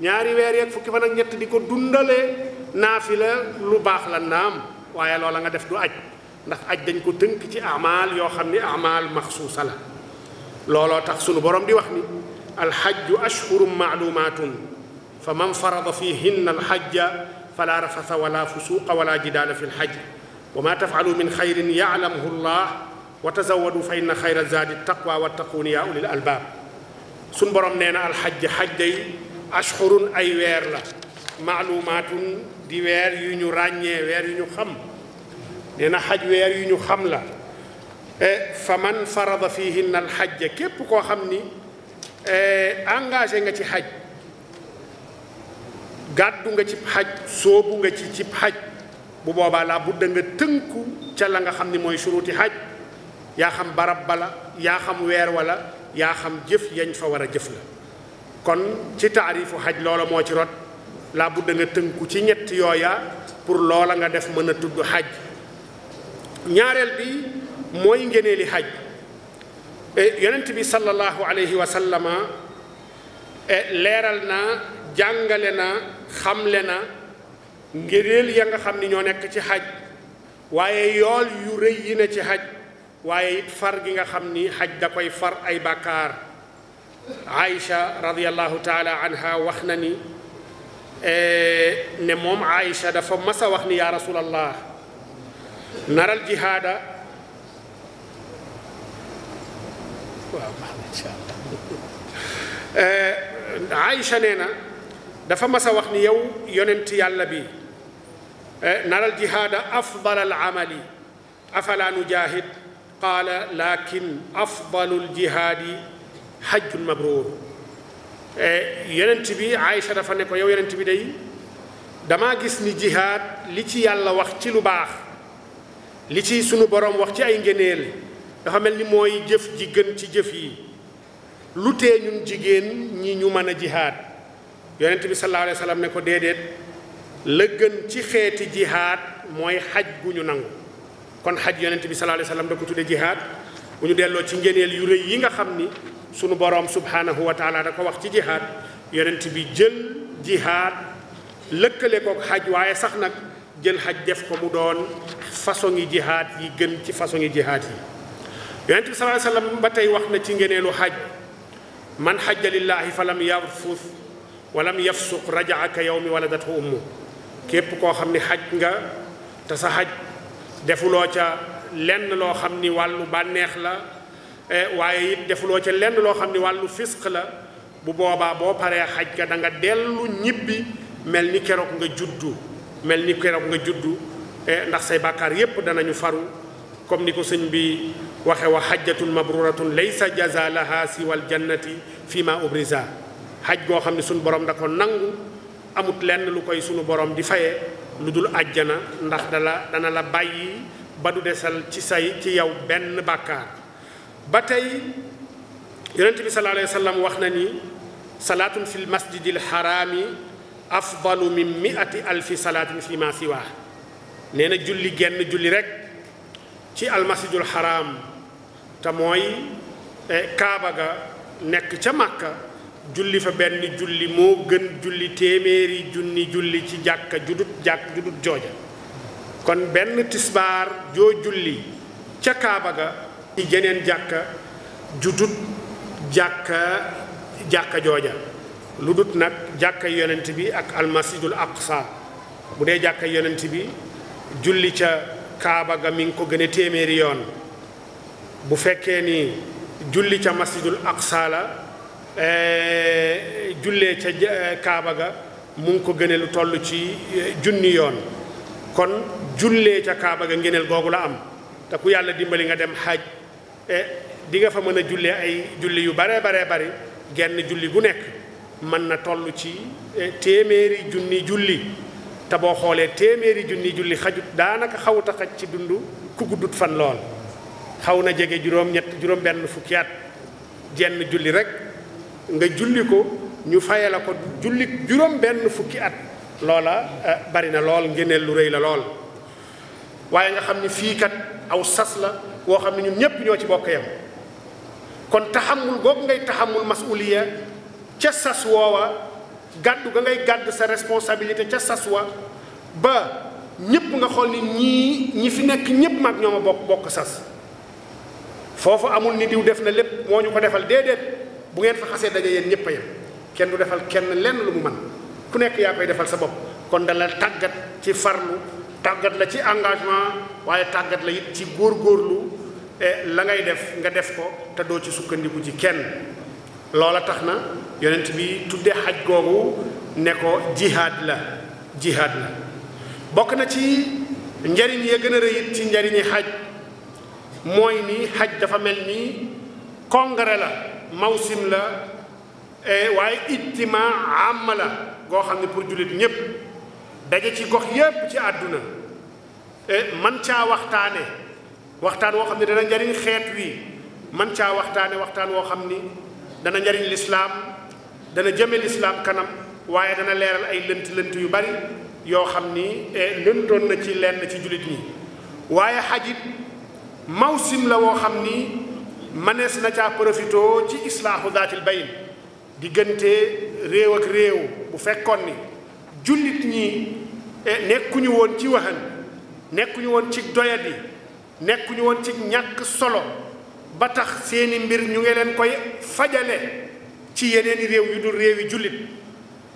ñaari weer yeeg fukki fan ñett di ko fi la lu baax la naam waaye loola nga def du aj ndax aj dañ ko tënk ci amaal yoo xam ni amaal maxsuusa la looloo tax sunu borom di wax ni alxajju ashhurum maalumaatun fa man farada fihinna alxajja fala rafasa wala fusuqa wala jidaala fi lxajj wa maa tafaalu min xayrin yaalamhu llah wa tazawadu fa inna xayra zaadi taqwa wa taquuni yaa ulil albaab suñ borom nee na alxajj xaj day ashhurun ay weer la maalumaatun di weer yu ñu ràññee weer yu ñu xam nee xaj weer yu ñu xam la fa man farada fihinna alxajja képp koo xam ni engagé nga ci xaj gàddu nga ci xaj sóobu nga ci cib xaj bu boobaa laa bu da nga tënku ca la nga xam ni mooy suruti xaj yaa xam barab bala yaa xam weer wala yaa xam jëf yañ fa war a jëf la kon ci taarifu xaj loola moo ci rot laa bu da nga tënku ci ñett yooya pour loola nga def mën a tudd xaj ñaareel bi mooy ngéneeli xaj e, yonent bi sallallahu alayhi wa e, leeral na jàngale na xamle na ngëneel ya nga xam ni ñoo nekk ci xaj waaye yool yu rëy yi ne ci xaj waaye it far gi nga xam ni xaj da koy far ay bàkkaar aïcha radiallahu taala anha wax na ni eh, ne moom aïcha dafa mas a wax ni yaa rasulallah naral jihaada waaw insha allah eh, aïcha na dafa mas a wax ni yow yonent yàlla bi نرى الجهاد أفضل العمل أفلا نجاهد قال لكن أفضل الجهاد حج مبرور yonent bi Aïcha dafa yow yonent bi day damaa gis ni jihaad li ci yàlla wax ci lu baax li ci sunu boroom wax ci ay ngëneel dafa mel ni mooy jëf ji ci jëf yi lu tee ñun jigéen ñi ñu mën a jihaad yonent bi sallallahu alayhi wa sallam ne ko déedéet la gën ci xeeti jihaad mooy xaj gu ñu nangu kon xaj yonent bi sallallahu alayhi wasallam da ko tuddee jihaad bu ñu delloo ci ngëneel yu rëy yi nga xam ni sunu boroom subhanahu wa taala da ko wax ci jihaad yonent bi jël jihaad lëkkale kook xaj waaye sax nag jël xaj def ko mu doon façon yi jihaad yi gën ci façon yi jihaad yi yonent bi sallallahu ba tey wax na ci ngëneelu xaj man xajja lillaahi fa lam yarfus wa lam yafsuq rajaaka yawmi waladathu ummu képp koo xam ni xaj nga te sa xaj defuloo ca lenn loo xam ni wàllu bànneex la e, waaye it defuloo ca lenn loo xam ni wàllu fisq la bu boobaa boo paree xaj ga da nga dellu ñibbi mel ni keroog nga juddu mel ni keroog nga juddu e, ndax say bàkkaar yépp ñu faru comme ni ko sëñ bi waxe wa xajjatun mabruratun laysa jaza laha siwal jannati fi ma ubrisa xaj goo xam ne suñ borom da ko nangu amut lenn lu koy sunu borom di fayee lu dul àjjana ndax dala dana la bàyyi ba du desal ci say ci yow benn bàkkaar ba tey yonent bi sallallahu wax na ni salaatun fil masjidil haraami afdalu min alfi salaatin fi ma siwaa julli genn julli rek ci almasjidul haram te mooy eh, kaaba ga nekk ca màkka julli fa benn julli moo gën julli téeméeri junni julli ci jàkka judut jàkk judut jooja kon benn tisbaar joo julli ca kaaba ga ci jeneen jàkka judut jàkka jàkka jooja lu dut nag jàkka yonent bi ak almasjidul aqsa bu dee jàkka yonent bi julli ca kaaba ga mi ngi ko gën téeméeri yoon bu fekkee ni julli ca masjidul aqsa la Eh, jullee ca eh, kaaba ga mu ngi ko gënee lu toll ci eh, junni yoon kon jullee ca kaaba ga ngëneel googu la am te ku yàlla dimbali nga dem xaaj dinga fa mën a jullee ay julli yu bare bare bari genn julli bu nekk mën na toll ci téeméeri junni julli te boo xoolee téeméeri junni julli xajut daanaka xawut xaj ci dund ku guddut fan lool xaw na jege juróom ñett juróom benn fukki at jenn julli rek nga julli ko ñu faye la ko julli juróom benn fukki at loola eh, bari na lool ngëneel lu rëy la lool waaye nga xam ni fii kat aw sas la woo xam ne ñun ñépp ñoo ci bokk yam kon taxamul googu ngay taxamul masuliya ca sas woowa gàddu ga ngay gàdd sa responsabilité ca sas wa ba ñépp nga xool ni ñii ñi fi nekk ñépp mag ñoo ma bokk bokk sas foofu amul ni diw def na lépp moo ñu ko defal déedéet bu ngeen fa xasee daje yéen ñëpp a yem kenn du defal kenn lenn lu mu mën ku nekk yaa koy defal sa bopp kon dala tàggat ci farlu tàggat la ci engagement waaye tàggat la it ci góorgóorlu e, la ngay def nga def ko te doo ci sukkandiku ci kenn loola tax na yonent bi tudde xaj googu ne ko jihaad la jihaad la bokk na ci njariñ yee gën a rëy it ci njariñi xaj mooy ni xaj dafa mel ni congrès la sim la eh, waaye ijtima àmm la goo xam ne pour jullit ñépp daje ci gox yépp ci àdduna eh, man caa waxtaane waxtaan woo xam ne dana njariñ xeet wi man caa waxtaane waxtaan woo xam ni dana njariñ lislaam dana jëme lislaam kanam waaye dana leeral ay lënt lënt yu bari yoo xam ni eh, lëntoon na ci lenn ci jullit ñi waaye xajit mawsim la woo xam ni mënees na caa profitoo ci islaahu daatil bayn diggante réew ak réew bu fekkoon ni jullit ñi e, nekkuñu woon ci waxan nekkuñu woon ci doyadi nekkuñu woon ci ñàkk solo ba tax seeni mbir ñu ngi leen koy fajale ci yeneeni réew yu dul réew jullit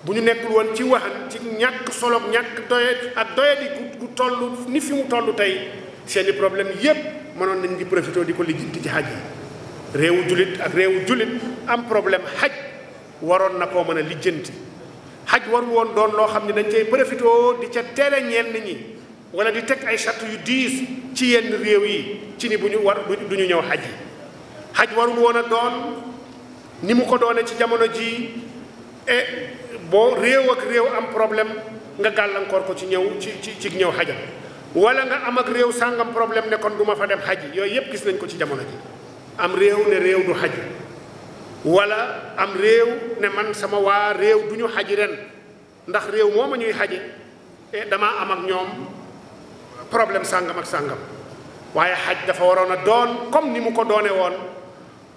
bu ñu nekkul woon ci waxan ci ñàkk solo ñàkk doyadi ak doyadi bu toll ni fi mu toll tey seeni problème yépp mënoon nañ di profité di ko lijjanti ci xaj yi réewu jullit ak réewu jullit am problème xaj waroon na koo mën a lijjanti xaj waru woon doon loo xam ne dañ cay profité di ca teele ñenn ñi wala di teg ay charte yu diis ci yenn réew yi ci ni bu ñu war du ñu ñëw xaj yi xaj warul woon a doon ni mu ko doone ci jamono ji e boo réew ak réew am problème nga gàllankoor ko ci ñëw ci ci ci ñëw xajam wala nga am ak réew sàngam problème nekkoon kon du ma fa dem xaj yi yooyu yëpp gis nañ ko ci jamono ji am réew ne réew du xaj wala am réew ne man sama waa réew du ñu xaj ren ndax réew mooma ñuy xaji eh, damaa am ñoom problème sàngam ak sàngam waaye xaj dafa waroon a doon comme ni mu ko doone woon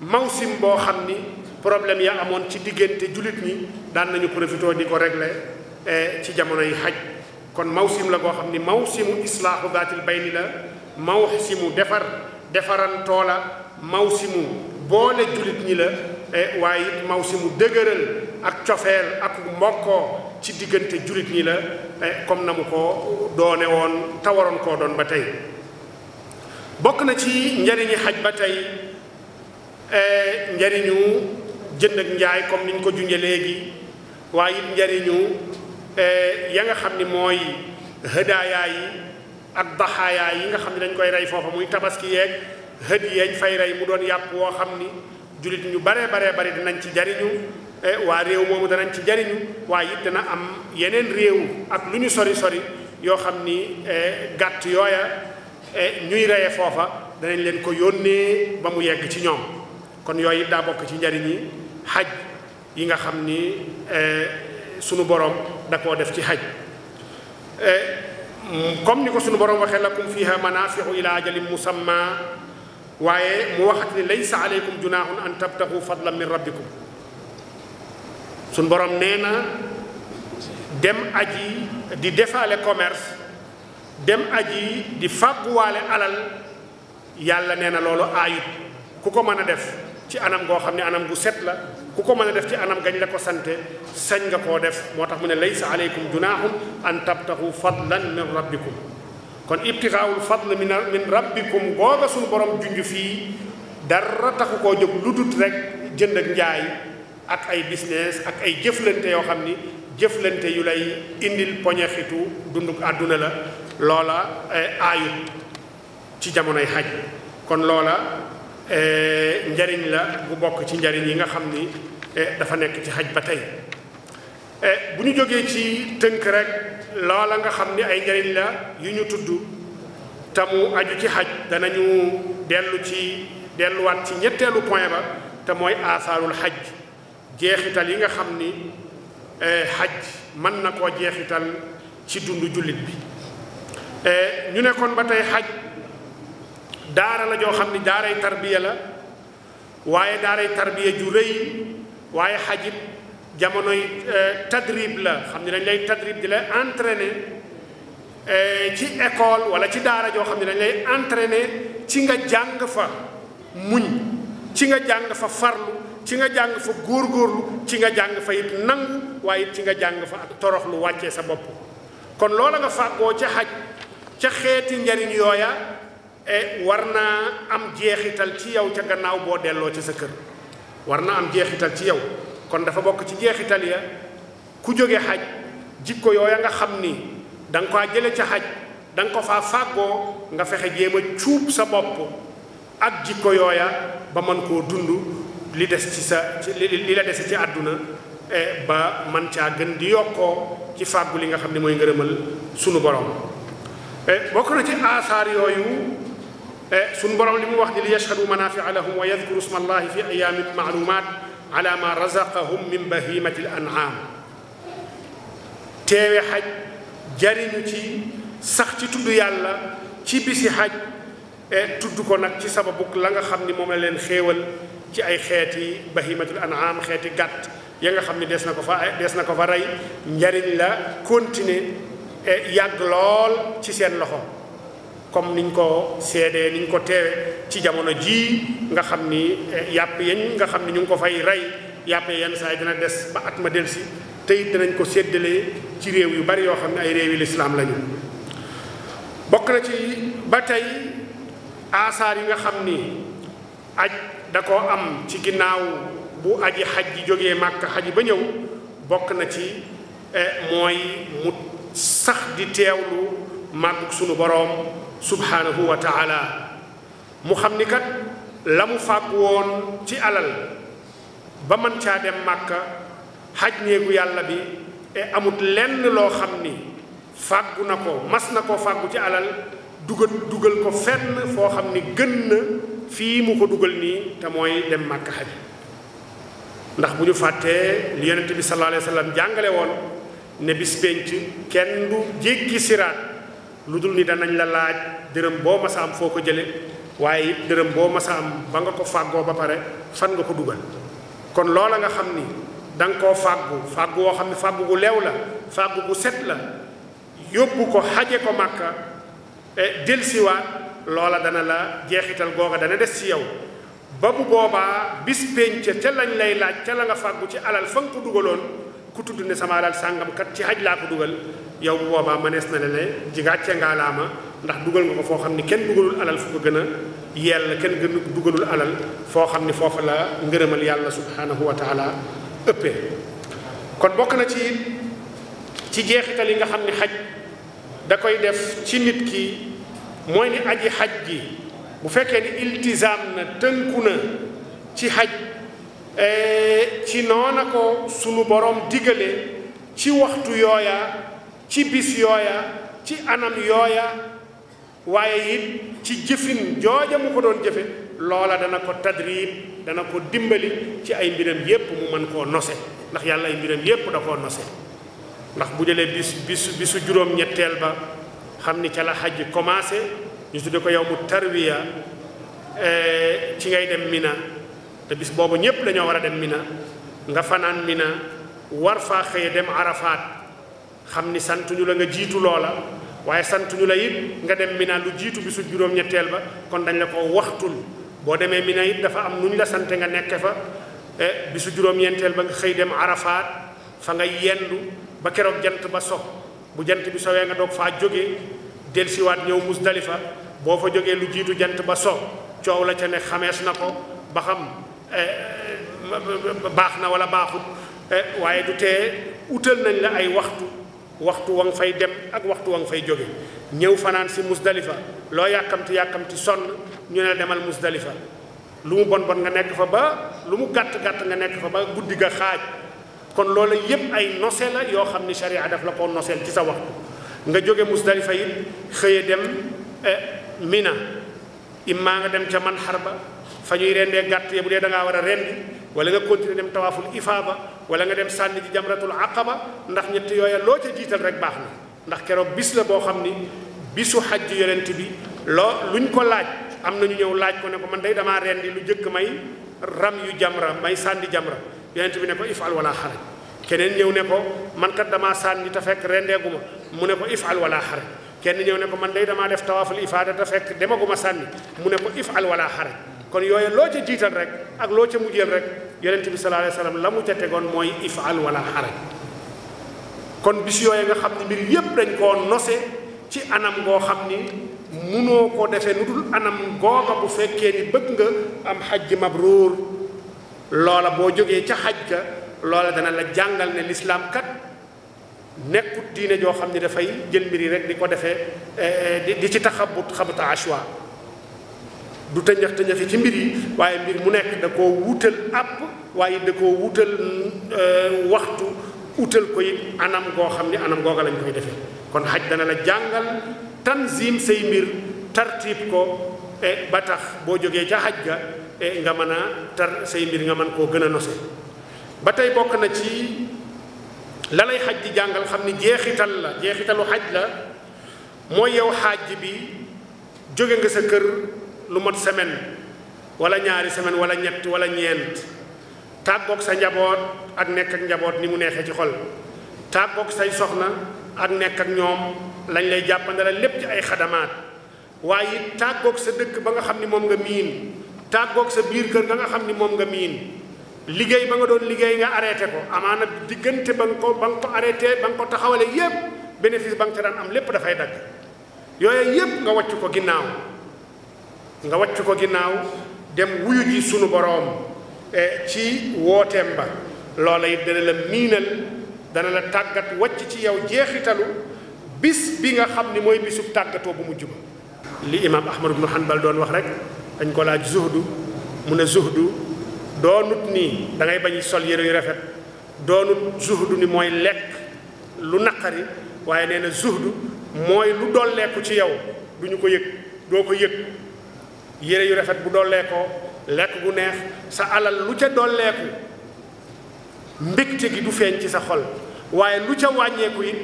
mawsim boo xam ni problème ya amoon ci diggante jullit ñi daan nañu profité di ko régler eh, ci jamono yi xaj kon mawsim la koo xam ni mawsimu islaahu daatil bayni la mawsimu defar defaran toola mawsimu boole jullit ñi la eh, waaye it mawsimu dëgëral ak cofeel ak mbokkoo ci diggante jullit ñi la eh, comme na mu ko doone woon tawaroon koo doon ba tey bokk na ci njariñi xaj ba tey eh, njariñu jënd ak njaay comme niñ ko junje léegi waaye it njariñu ya nga xam ni mooy hëdaayaa yi ak daxaayaa yi nga xam ne dañ koy rey foofa muy tabaski yeeg hët yeeñ fay rey mu doon yàpp woo xam ni jullit ñu baree baree bari danañ ci jariñu eh, waa réew moomu danañ ci jariñu waaye it dana am yeneen réew ak lu ñu sori sori yoo xam ni eh, gàtt yooya eh, ñuy reye foofa danañ leen ko yónnee ba mu yegg ci ñoom kon yooyu it daa bokk ci njariñ yi xaj yi nga xam ni sunu borom da koo def ci xaj comme ni ko sunu borom waxee lakum fiha manaafiu ila ajalin musamma waaye mu waxat ni laysa aleykum junaaxun an tabtaxu fadlan min rabbikum suñ borom nee na dem aji di defaale commerce dem aji di fàgguwaale alal yàlla nee na loolu aayut ku ko mën a def ci anam goo xam ne anam gu set la ku ko mën a def ci anam gañ la ko sante sañ nga koo def moo tax mu ne laysa aleykum junaaxun an tabtaxu fadlan min rabbikum kon ibtixaawul fadl min min rabbikum googa suñu borom junj fii dara taxu koo jóg lu dut rek jënd ak njaay ak ay bisnes ak ay jëflante yoo xam ni jëflante yu lay indil poñexitu dunduk àdduna la loola eh, aayut ci jamonoy xaj kon loola eh, njariñ la bu bokk ci njariñ yi nga xam ni eh, dafa nekk ci xaj ba tey Eh, bu ñu jógee ci tënk rek loola nga xam ni ay njariñ la yu ñu tudd te mu aju ci xaj danañu dellu ci delluwaat ci ñetteelu point ba te mooy aasaarul xaj jeexital yi nga xam ni eh, xaj mën na koo jeexital ci dundu jullit bi eh, ñu nekkoon ba tey xaj daara la joo xam ni daaray tarbiya la waaye daaray tarbiya ju rëy waaye xajit jamonoy euh, tadrib la xam ne dañ lay tadrib di lay entraîner euh, ci école wala ci daara joo xam ne dañ lay entraîner ci nga jàng fa muñ ci nga jàng fa farlu ci nga jàng fa góor góorgóorlu ci nga jàng fa it nangu waaye ci nga jàng fa ak toroxlu wàccee sa bopp kon loola nga fàggoo ca xaj ca xeeti njariñ yooya e war naa am jeexital ci yow ca gannaaw boo delloo ci sa kër war naa am jeexital ci yow kon dafa bokk ci jeexital ya ku jóge xaj jikko yooya nga xam ni da nga kaa jële ca xaj danga ko faa fàggoo nga fexe jéem a cuub sa bopp ak jikko yooya ba mën koo dund li des ci sa li la dese ci àdduna e ba man caa gën di yokkoo ci fàggu li nga xam ne mooy ngërëmal sunu borom e bokk na ci aasaar yooyu e sunu borom li mu wax ni li yashhadu manafia lahum wa yadkuru sma allahi fi ayamin maalumat ala ma razaqahum min bahimati l teewe xaj jariñu ci sax ci tudd yàlla ci bisi xaj e tudd ko nag ci sababuk la nga xam ni moom la leen xéewal ci ay xeeti bahimatul an'am xeeti gàtt ya nga xam ni des na ko fa des na ko fa rey njariñ la continuer e yàgg lool ci seen loxo comme niñ ko seedee niñ ko teewe ci jamono jii nga xam ni eh, yàpp yañ nga xam ni ñu ngi ko fay rey yàpp yenn saa yi dina des ba at ma delsi tey dinañ ko séddalee ci réew yu bari yoo xam ne ay réewi lislaam lañu bokk na ba tey aasaar yi nga xam ni aj da ko am ci ginnaaw bu aji xaj ji jógee màkk xaj ba ñëw bokk na ci eh, mooy mu sax di teewlu màggug sunu boroom subhaanahu wa taala mu xam ni kat la mu fàgg woon ci alal ba man caa dem màkka xaj néegu yàlla bi e amut lenn loo xam ni fàggu na ko mas na ko fàggu ci alal dugal dugal ko fenn foo xam ni gën na fii mu ko dugal nii te mooy dem màkka xaj ndax bu ñu fàttee li yonent bi sallallahu alayhi wa jàngale woon ne bis pénc kenn du jéggi siraat lu dul ni danañ la laaj dërëm boo mas a am foo ko jële waaye it dërëm boo mas a am ba nga ko fàggoo ba pare fan nga ko dugal kon loola nga xam ni da koo fàggu fàggu woo xam ne fàggu gu leew la fàggu gu set la yóbbu ko xaje ko màkka eh, delsiwaat loola dana la jeexital googa dana des ci yow ba bu boobaa bis pénc ca lañ lay laaj ca la nga fàggu ci alal fa nga ko dugaloon ku tudd ne sama alal sàngam ci xaj laa ko dugal yow bu boobaa mënees na le ji gàcce ngaalaama ndax dugal nga ko foo xam ni kenn dugalul alal fu gën a yell kenn gën alal foo xam ni foofa la ngërëmal yàlla subhanahu wa taala ëppee kon bokk na ci ci jeexital yi nga xam ni xaj da koy def ci nit ki mooy ni aji xaj gi bu fekkee ni iltizaam na tënku na ci xaj eh, ci noona ko sunu borom digale ci waxtu yooya ci bis yooya ci anam yooya waaye it ci jëfin jooja mu ko doon jëfe loola dana ko tadrib dana ko dimbali ci ay mbiram yépp mu mën koo nose ndax yàlla ay mbiram yépp da koo nose ndax bu jëlee bis bis bisu juróom ñetteel ba xam ni ca la xaj commencé ñu tudde ko yow mu tarwiya eh, ci ngay dem Mina te bis boobu ñépp dañoo war a dem Mina nga fanaan Mina war fa xëye dem Arafat xam ni sant ñu la nga jiitu loola waaye sant ñu la it nga dem Mina lu jiitu bisu juróom-ñetteel ba kon dañ la ko waxtul boo demee Mina it dafa am nu ñu la sante nga nekke fa e, bisu juróom-ñeenteel ba nga xëy dem Arafaat fa nga yendu ba keroog jant ba so bu jant bi sowee nga doog faa jógee delsiwaat ñëw Musdalifa boo fa jógee lu jiitu jant ba so coow la ca ne xamees na ko ba xam e, e, baax na wala baaxut waaye du tee utal nañ la ay waxtu waxtu wa nga fay dem ak waxtu wa fay jóge ñëw fanaan si musdalifa loo yàkkamti yàkkamti sonn ñu ne demal musdalifa lu mu bon bon nga nekk fa ba lu mu gàtt gàtt nga nekk fa ba guddi ga xaaj kon loolu yépp ay nose la yoo xam ni sharia daf la ko noseel ci sa waxtu nga jóge musdalifa it xëye dem eh, mina immaa nga dem ca man xar ba fa ñuy rendee gàtt ya bu dee da ngaa war a rendi wala nga continuer dem tawaaful ifaada wala nga dem sànni ji jamratul aqaba ndax ñett yooya loo ca jiital rek baax na ndax keroog bis la boo xam ni bisu xajj yonent bi loo luñ ko laaj am na ñu ñëw laaj ko ne ko man day damaa rendi lu jëkk may ram yu jamra may sànni jamra yonent bi ne ko ifal wala xaraj keneen ñëw ne ko man kat damaa sànni ta fekk rendeeguma mu ne ko ifal wala xaraj kenn ñëw ne ko man day damaa def tawaaful ifaada te fekk demaguma sànni mu ne ko ifal wala xaraj kon yooyu loo ca jiital rek ak loo ca mujjeel rek yonent bi sallallahu alayhi la mu ca tegoon mooy ifal wala xaraj kon bis yooyu nga xam ne mbir yépp dañ koo nose ci anam goo xam ni munoo ko defee nu dul anam googa bu fekkee ni bëgg nga am xajj mabruur loola boo jógee ca xaj ka loola dana la jàngal ne lislaam kat nekkut diine joo xam ni dafay jël mbir yi rek di ko defee eh, eh, di ci taxabut xabuta ashwa du tëñax tëñaxi ci mbir yi waaye mbir mu nekk da koo wuutal àpp waaye da koo wuutal euh, waxtu wuutal ko it anam goo xam ni anam googa lañ koy defe kon xaj dana la jàngal tanzim say mbir tartiib ko e, ba tax boo jógee ca xaj ga e, nga mën a tar say mbir nga mën koo gën a nose ba tey bokk na ci la xaj di jàngal xam ni jeexital la jeexitalu xaj la mooy yow xaaj bi jóge nga sa kër lu mot semaine wala ñaari semaine wala ñett wala ñeent tàggoog sa njaboot ak nekk ak njaboot ni mu neexee ci xol tàggoog say soxna ak nekk ak ñoom lañ lay jàppandala lépp ci ay xadamaat waaye it tàggoog sa dëkk ba nga xam ni moom nga miin tàggoog sa biir kër ga nga xam ni moom nga miin liggéey ba nga doon liggéey nga arrêté ko amaana diggante ba nga ko ba nga ko arrêté ba nga ko taxawale yépp bénéfice ba nga ca daan am lépp dafay dagg yooyu yépp ko ginnaaw nga waccu ko ginnaaw dem wuyu ji sunu boroom eh, ci wooteem ba loola it dana la miinal dana la tàggat wàcc ci yow jeexitalu bis bi nga xam ni mooy bisub tàggatoo bu mujj ba li imaam ahmad ibnu hanbal doon wax rek dañ ko laaj zuhdu mu ne zuhdu doonut nii dangay bañ sol yére yu rafet doonut zuhdu ni mooy lekk lu naqari waaye nee na zuhdu mooy lu dolleeku ci yow du ko yëg doo ko yëg yére yu rafet bu dolleekoo lekk bu neex sa alal lu ca dolleeku mbégte gi du feeñ ci sa xol waaye lu ca wàññeeku it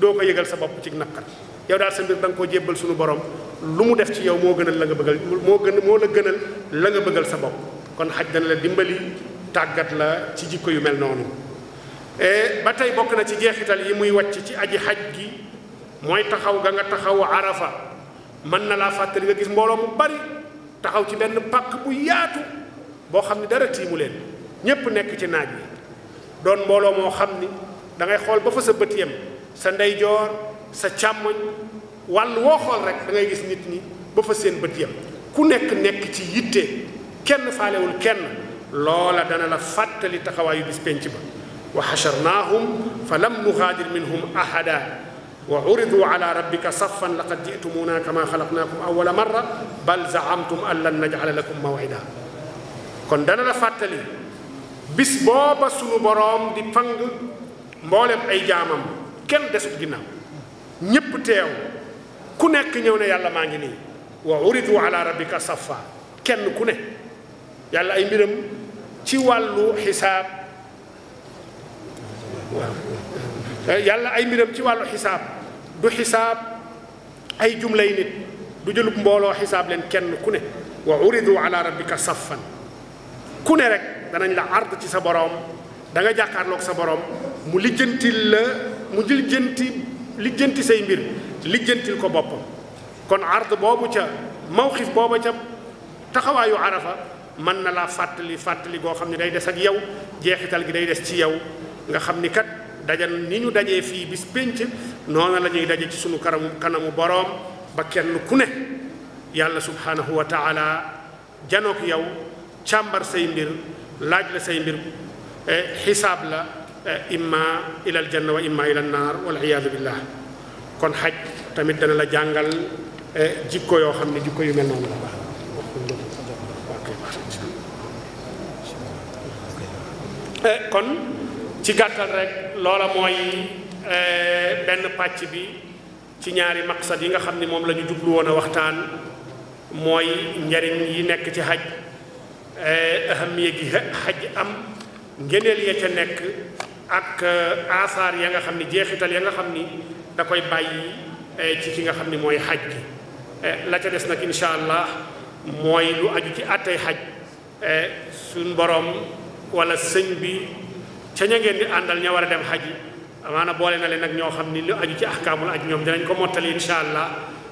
doo ko yëgal sa bopp ci naqar yow daal sa mbir da nga koo jébbal suñu borom lu mu def ci yow moo gënal la nga bëggal moo gën moo la gënal la nga bëggal sa bopp kon xaj dana la dimbali tàggat la ci jikko yu mel noonu e, ba tey bokk na ci jeexital yi muy wàcc ci aji xaj gi mooy taxaw ga nga taxaw arafa mën na laa fàttali nga gis mbooloo taxaw ci benn pàkk bu yaatu boo xam ni dara tiimu leen ñépp nekk ci naaj wi doon mbooloo moo xam ni da ngay xool ba fa sa bët yem sa ndeyjoor sa càmmoñ wàll woo xool rek dangay gis nit ñi ba fa seen bët yem ku nekk nekk ci yitte kenn faalewul kenn loola dana la fàttali taxawaayu gis penc ba wa xacharnaahum fa lam nuxaadir minhum ahada wa uridu ala rabbika saffan laqad jitumuna kama xalaqnaakum fàttali bis booba sunu boroom ay jaamam kenn desut ginnaaw ñépp teew nekk ñëw ne maa ngi nii wa uridu ala kenn ku ne yàlla ay mbiram ci wàllu xisaab waaw yàlla ay mbiram ci wàllu xisaab du xisaab ay jumlay nit du jëlub mbooloo xisaab leen kenn ku ne wa uridu ala rabbika saffan ku ne rek danañ la ard ci sa borom da nga jàkkaarloog sa borom mu lijjantil la mu lijjanti lijjanti say mbir lijjantil ko boppam kon ard boobu ca mawxif booba ca taxawaayu arafa mën na laa fàttali fàttali goo xam ne day des ak yow jeexital gi day des ci yow nga xam ni kat dajal ni ñu dajee fii bis pénc noona lañuy ñuy daje ci sunu kanamu kanamu boroom ba kenn ku ne yàlla subhaanahu wa taala janook yow càmbar say mbir laaj la say mbir e xisaab la e imma ilal janna wa imma ilal naar waliyaadu billah kon xaj tamit dana la jàngal e jikko yoo xam ne jikko yu mel noonu la baax kon ci gàttal rek loola mooy eh, benn pàcc bi ci ñaari maqsad yi nga xam ni moom la ñu jublu woon a waxtaan mooy njariñ yi nekk ci xaj eh, ahamiya gi xaj am ngëneel ya ca nekk ak eh, aasaar ya nga xam ni jeexital ya nga xam ni da koy bàyyi ci ki nga xam ni mooy xaj gi la ca des nag insha allah mooy lu aju ci àttey xaj suñ borom walla sëñ bi ca ña ngeen di àndal ña war a dem xaj yi amaana boole na leen nag ñoo xam ni lu aju ci ahkaamul aj ñoom dinañ ko mottali incha allah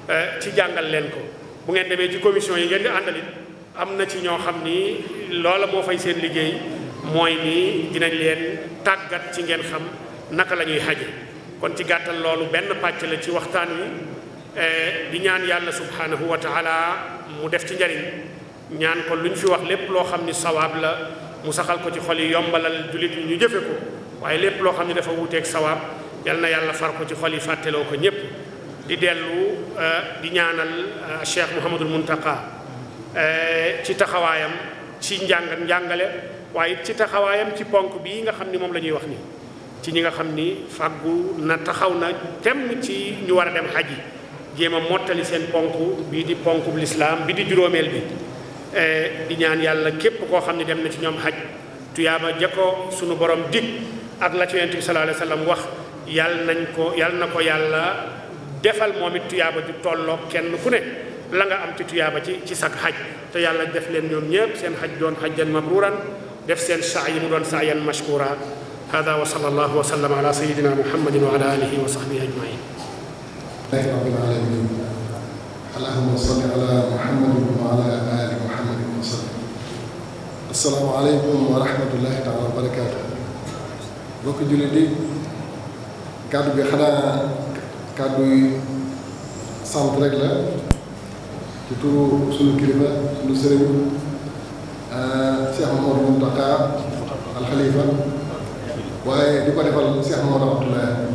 eh, ci jàngal leen ko bu ngeen demee ci commission yi ngeen di àndal am na ci ñoo xam ni loola moo fay seen liggéey mooy ni dinañ leen tàggat ci ngeen xam naka la ñuy xaje kon ci gàttal loolu benn pàcc la ci waxtaan wi eh, di ñaan yàlla subhanahu wa taala mu def ci njariñ ñaan ko lu ñu fi wax lépp loo xam ni sawaab la mu saxal ko ci xol yi yombalal jullit yi ñu jëfe ko waaye lépp loo xam ne dafa wuuteeg sawaab yal na yàlla far ko ci xol yi fàtteloo ko ñépp di dellu euh, di ñaanal euh, Cheikh Mouhamadul Muntaqa euh, ci taxawaayam ci njàng njàngale waaye ci taxawaayam ci ponk bi bii nga xam ni moom la ñuy wax nii ci ñi nga xam ni fàggu na taxaw na temm ci ñu war a dem xaj yi jéem a mottali seen ponk bii di ponk bu lislaam bi di juróomeel bi Eh, di ñaan yàlla képp koo xam ne dem na ci ñoom xaj tuyaaba jako sunu borom dig ak la ci yonent bi sallallahu alayhi wax yàlla nañ ko yàlla na ko yàlla defal moom it tuyaaba ju tolloo kenn ku ne la nga am ci tuyaaba ci ci sag xaj te yàlla def leen ñoom ñëpp seen xaj doon xajjan mabruuran def seen saa yi mu doon saayan mashkura hada wa sallallahu wa sallam ala sayidina muhammadin wa ala alihi wa sahbihi ajmain rabbil alamin allahumma salli ala muhammadin wa ala alihi asalaamaaleykum wa rahmatullahi taala wa barakaatu bokk jullit yi kàddu bi xanaa kàddu yi sant rek la sunu kilifa sunu sëriñ ah, Cheikh Mamadou Mountakha al Khalifa waaye di ko defal Cheikh Mamadou Abdoulaye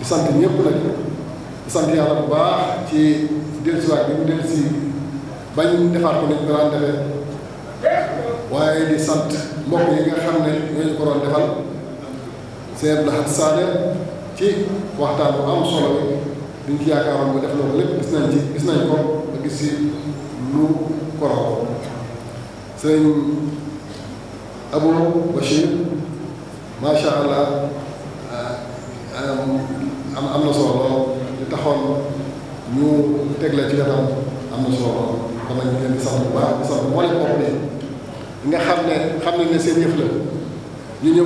di sant ñëpp nag di sant yàlla bu baax ci dellusiwaat bi mu dellusi bañ defaat waaye di sant mbokk yi nga xam ne ñooñu ko doon defal sëñ Abdou Lahad ci waxtaan bu am solo bi ñu ci yaakaaroon bu def na ko lépp gis nañ ci gis nañ ko ba gis si lu koroo sëñ Abou Bachir macha allah ah, am am na solo lool li taxoon ñu teg ci kanam am na solo lool danañ leen di sant bu baax di sant bu wàllu bopp bi. nga xam ne xam nañ ne seen yëf la ñu ñëw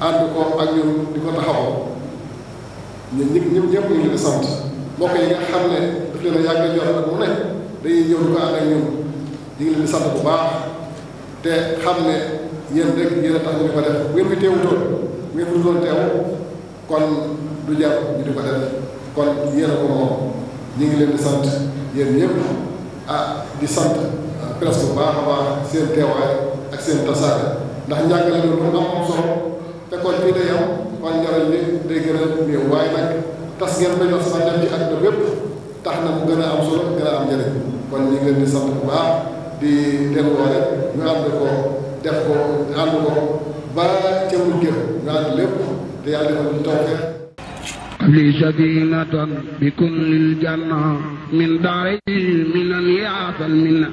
ànd ko ak ñun di ko taxawoo ñun ñëpp ñëpp ñëpp ñu ngi leen sant mbokk yi nga xam ne daf leen a yàgg a jox ak mu ne dañuy ñëw di ko ànd ak ñun ñu ngi leen di sant bu baax te xam ne yéen rek yéen a tax ñu di ko def bu ngeen fi teewutoon bu ngeen fi teew kon du jàpp ñu di ko def kon yéen ko moom ñu ngi leen di sant yéen ñëpp ah di sant. presse baax a baax seen teewaay ak seen tasaare ndax njàngale lu mu am solo fekkoon fii day am waaye njariñ li day gën a néew waaye nag tas ngeen ba ñor sax dem ci àdduna tax na mu gën a am solo gën a am njariñ kon ñu ngi leen di sant bu baax di leen woore ñu ànd ko def ko ànd ko ba ca mu génn ñu ànd lépp te yàlla defal ñu min daari minan yaasal minna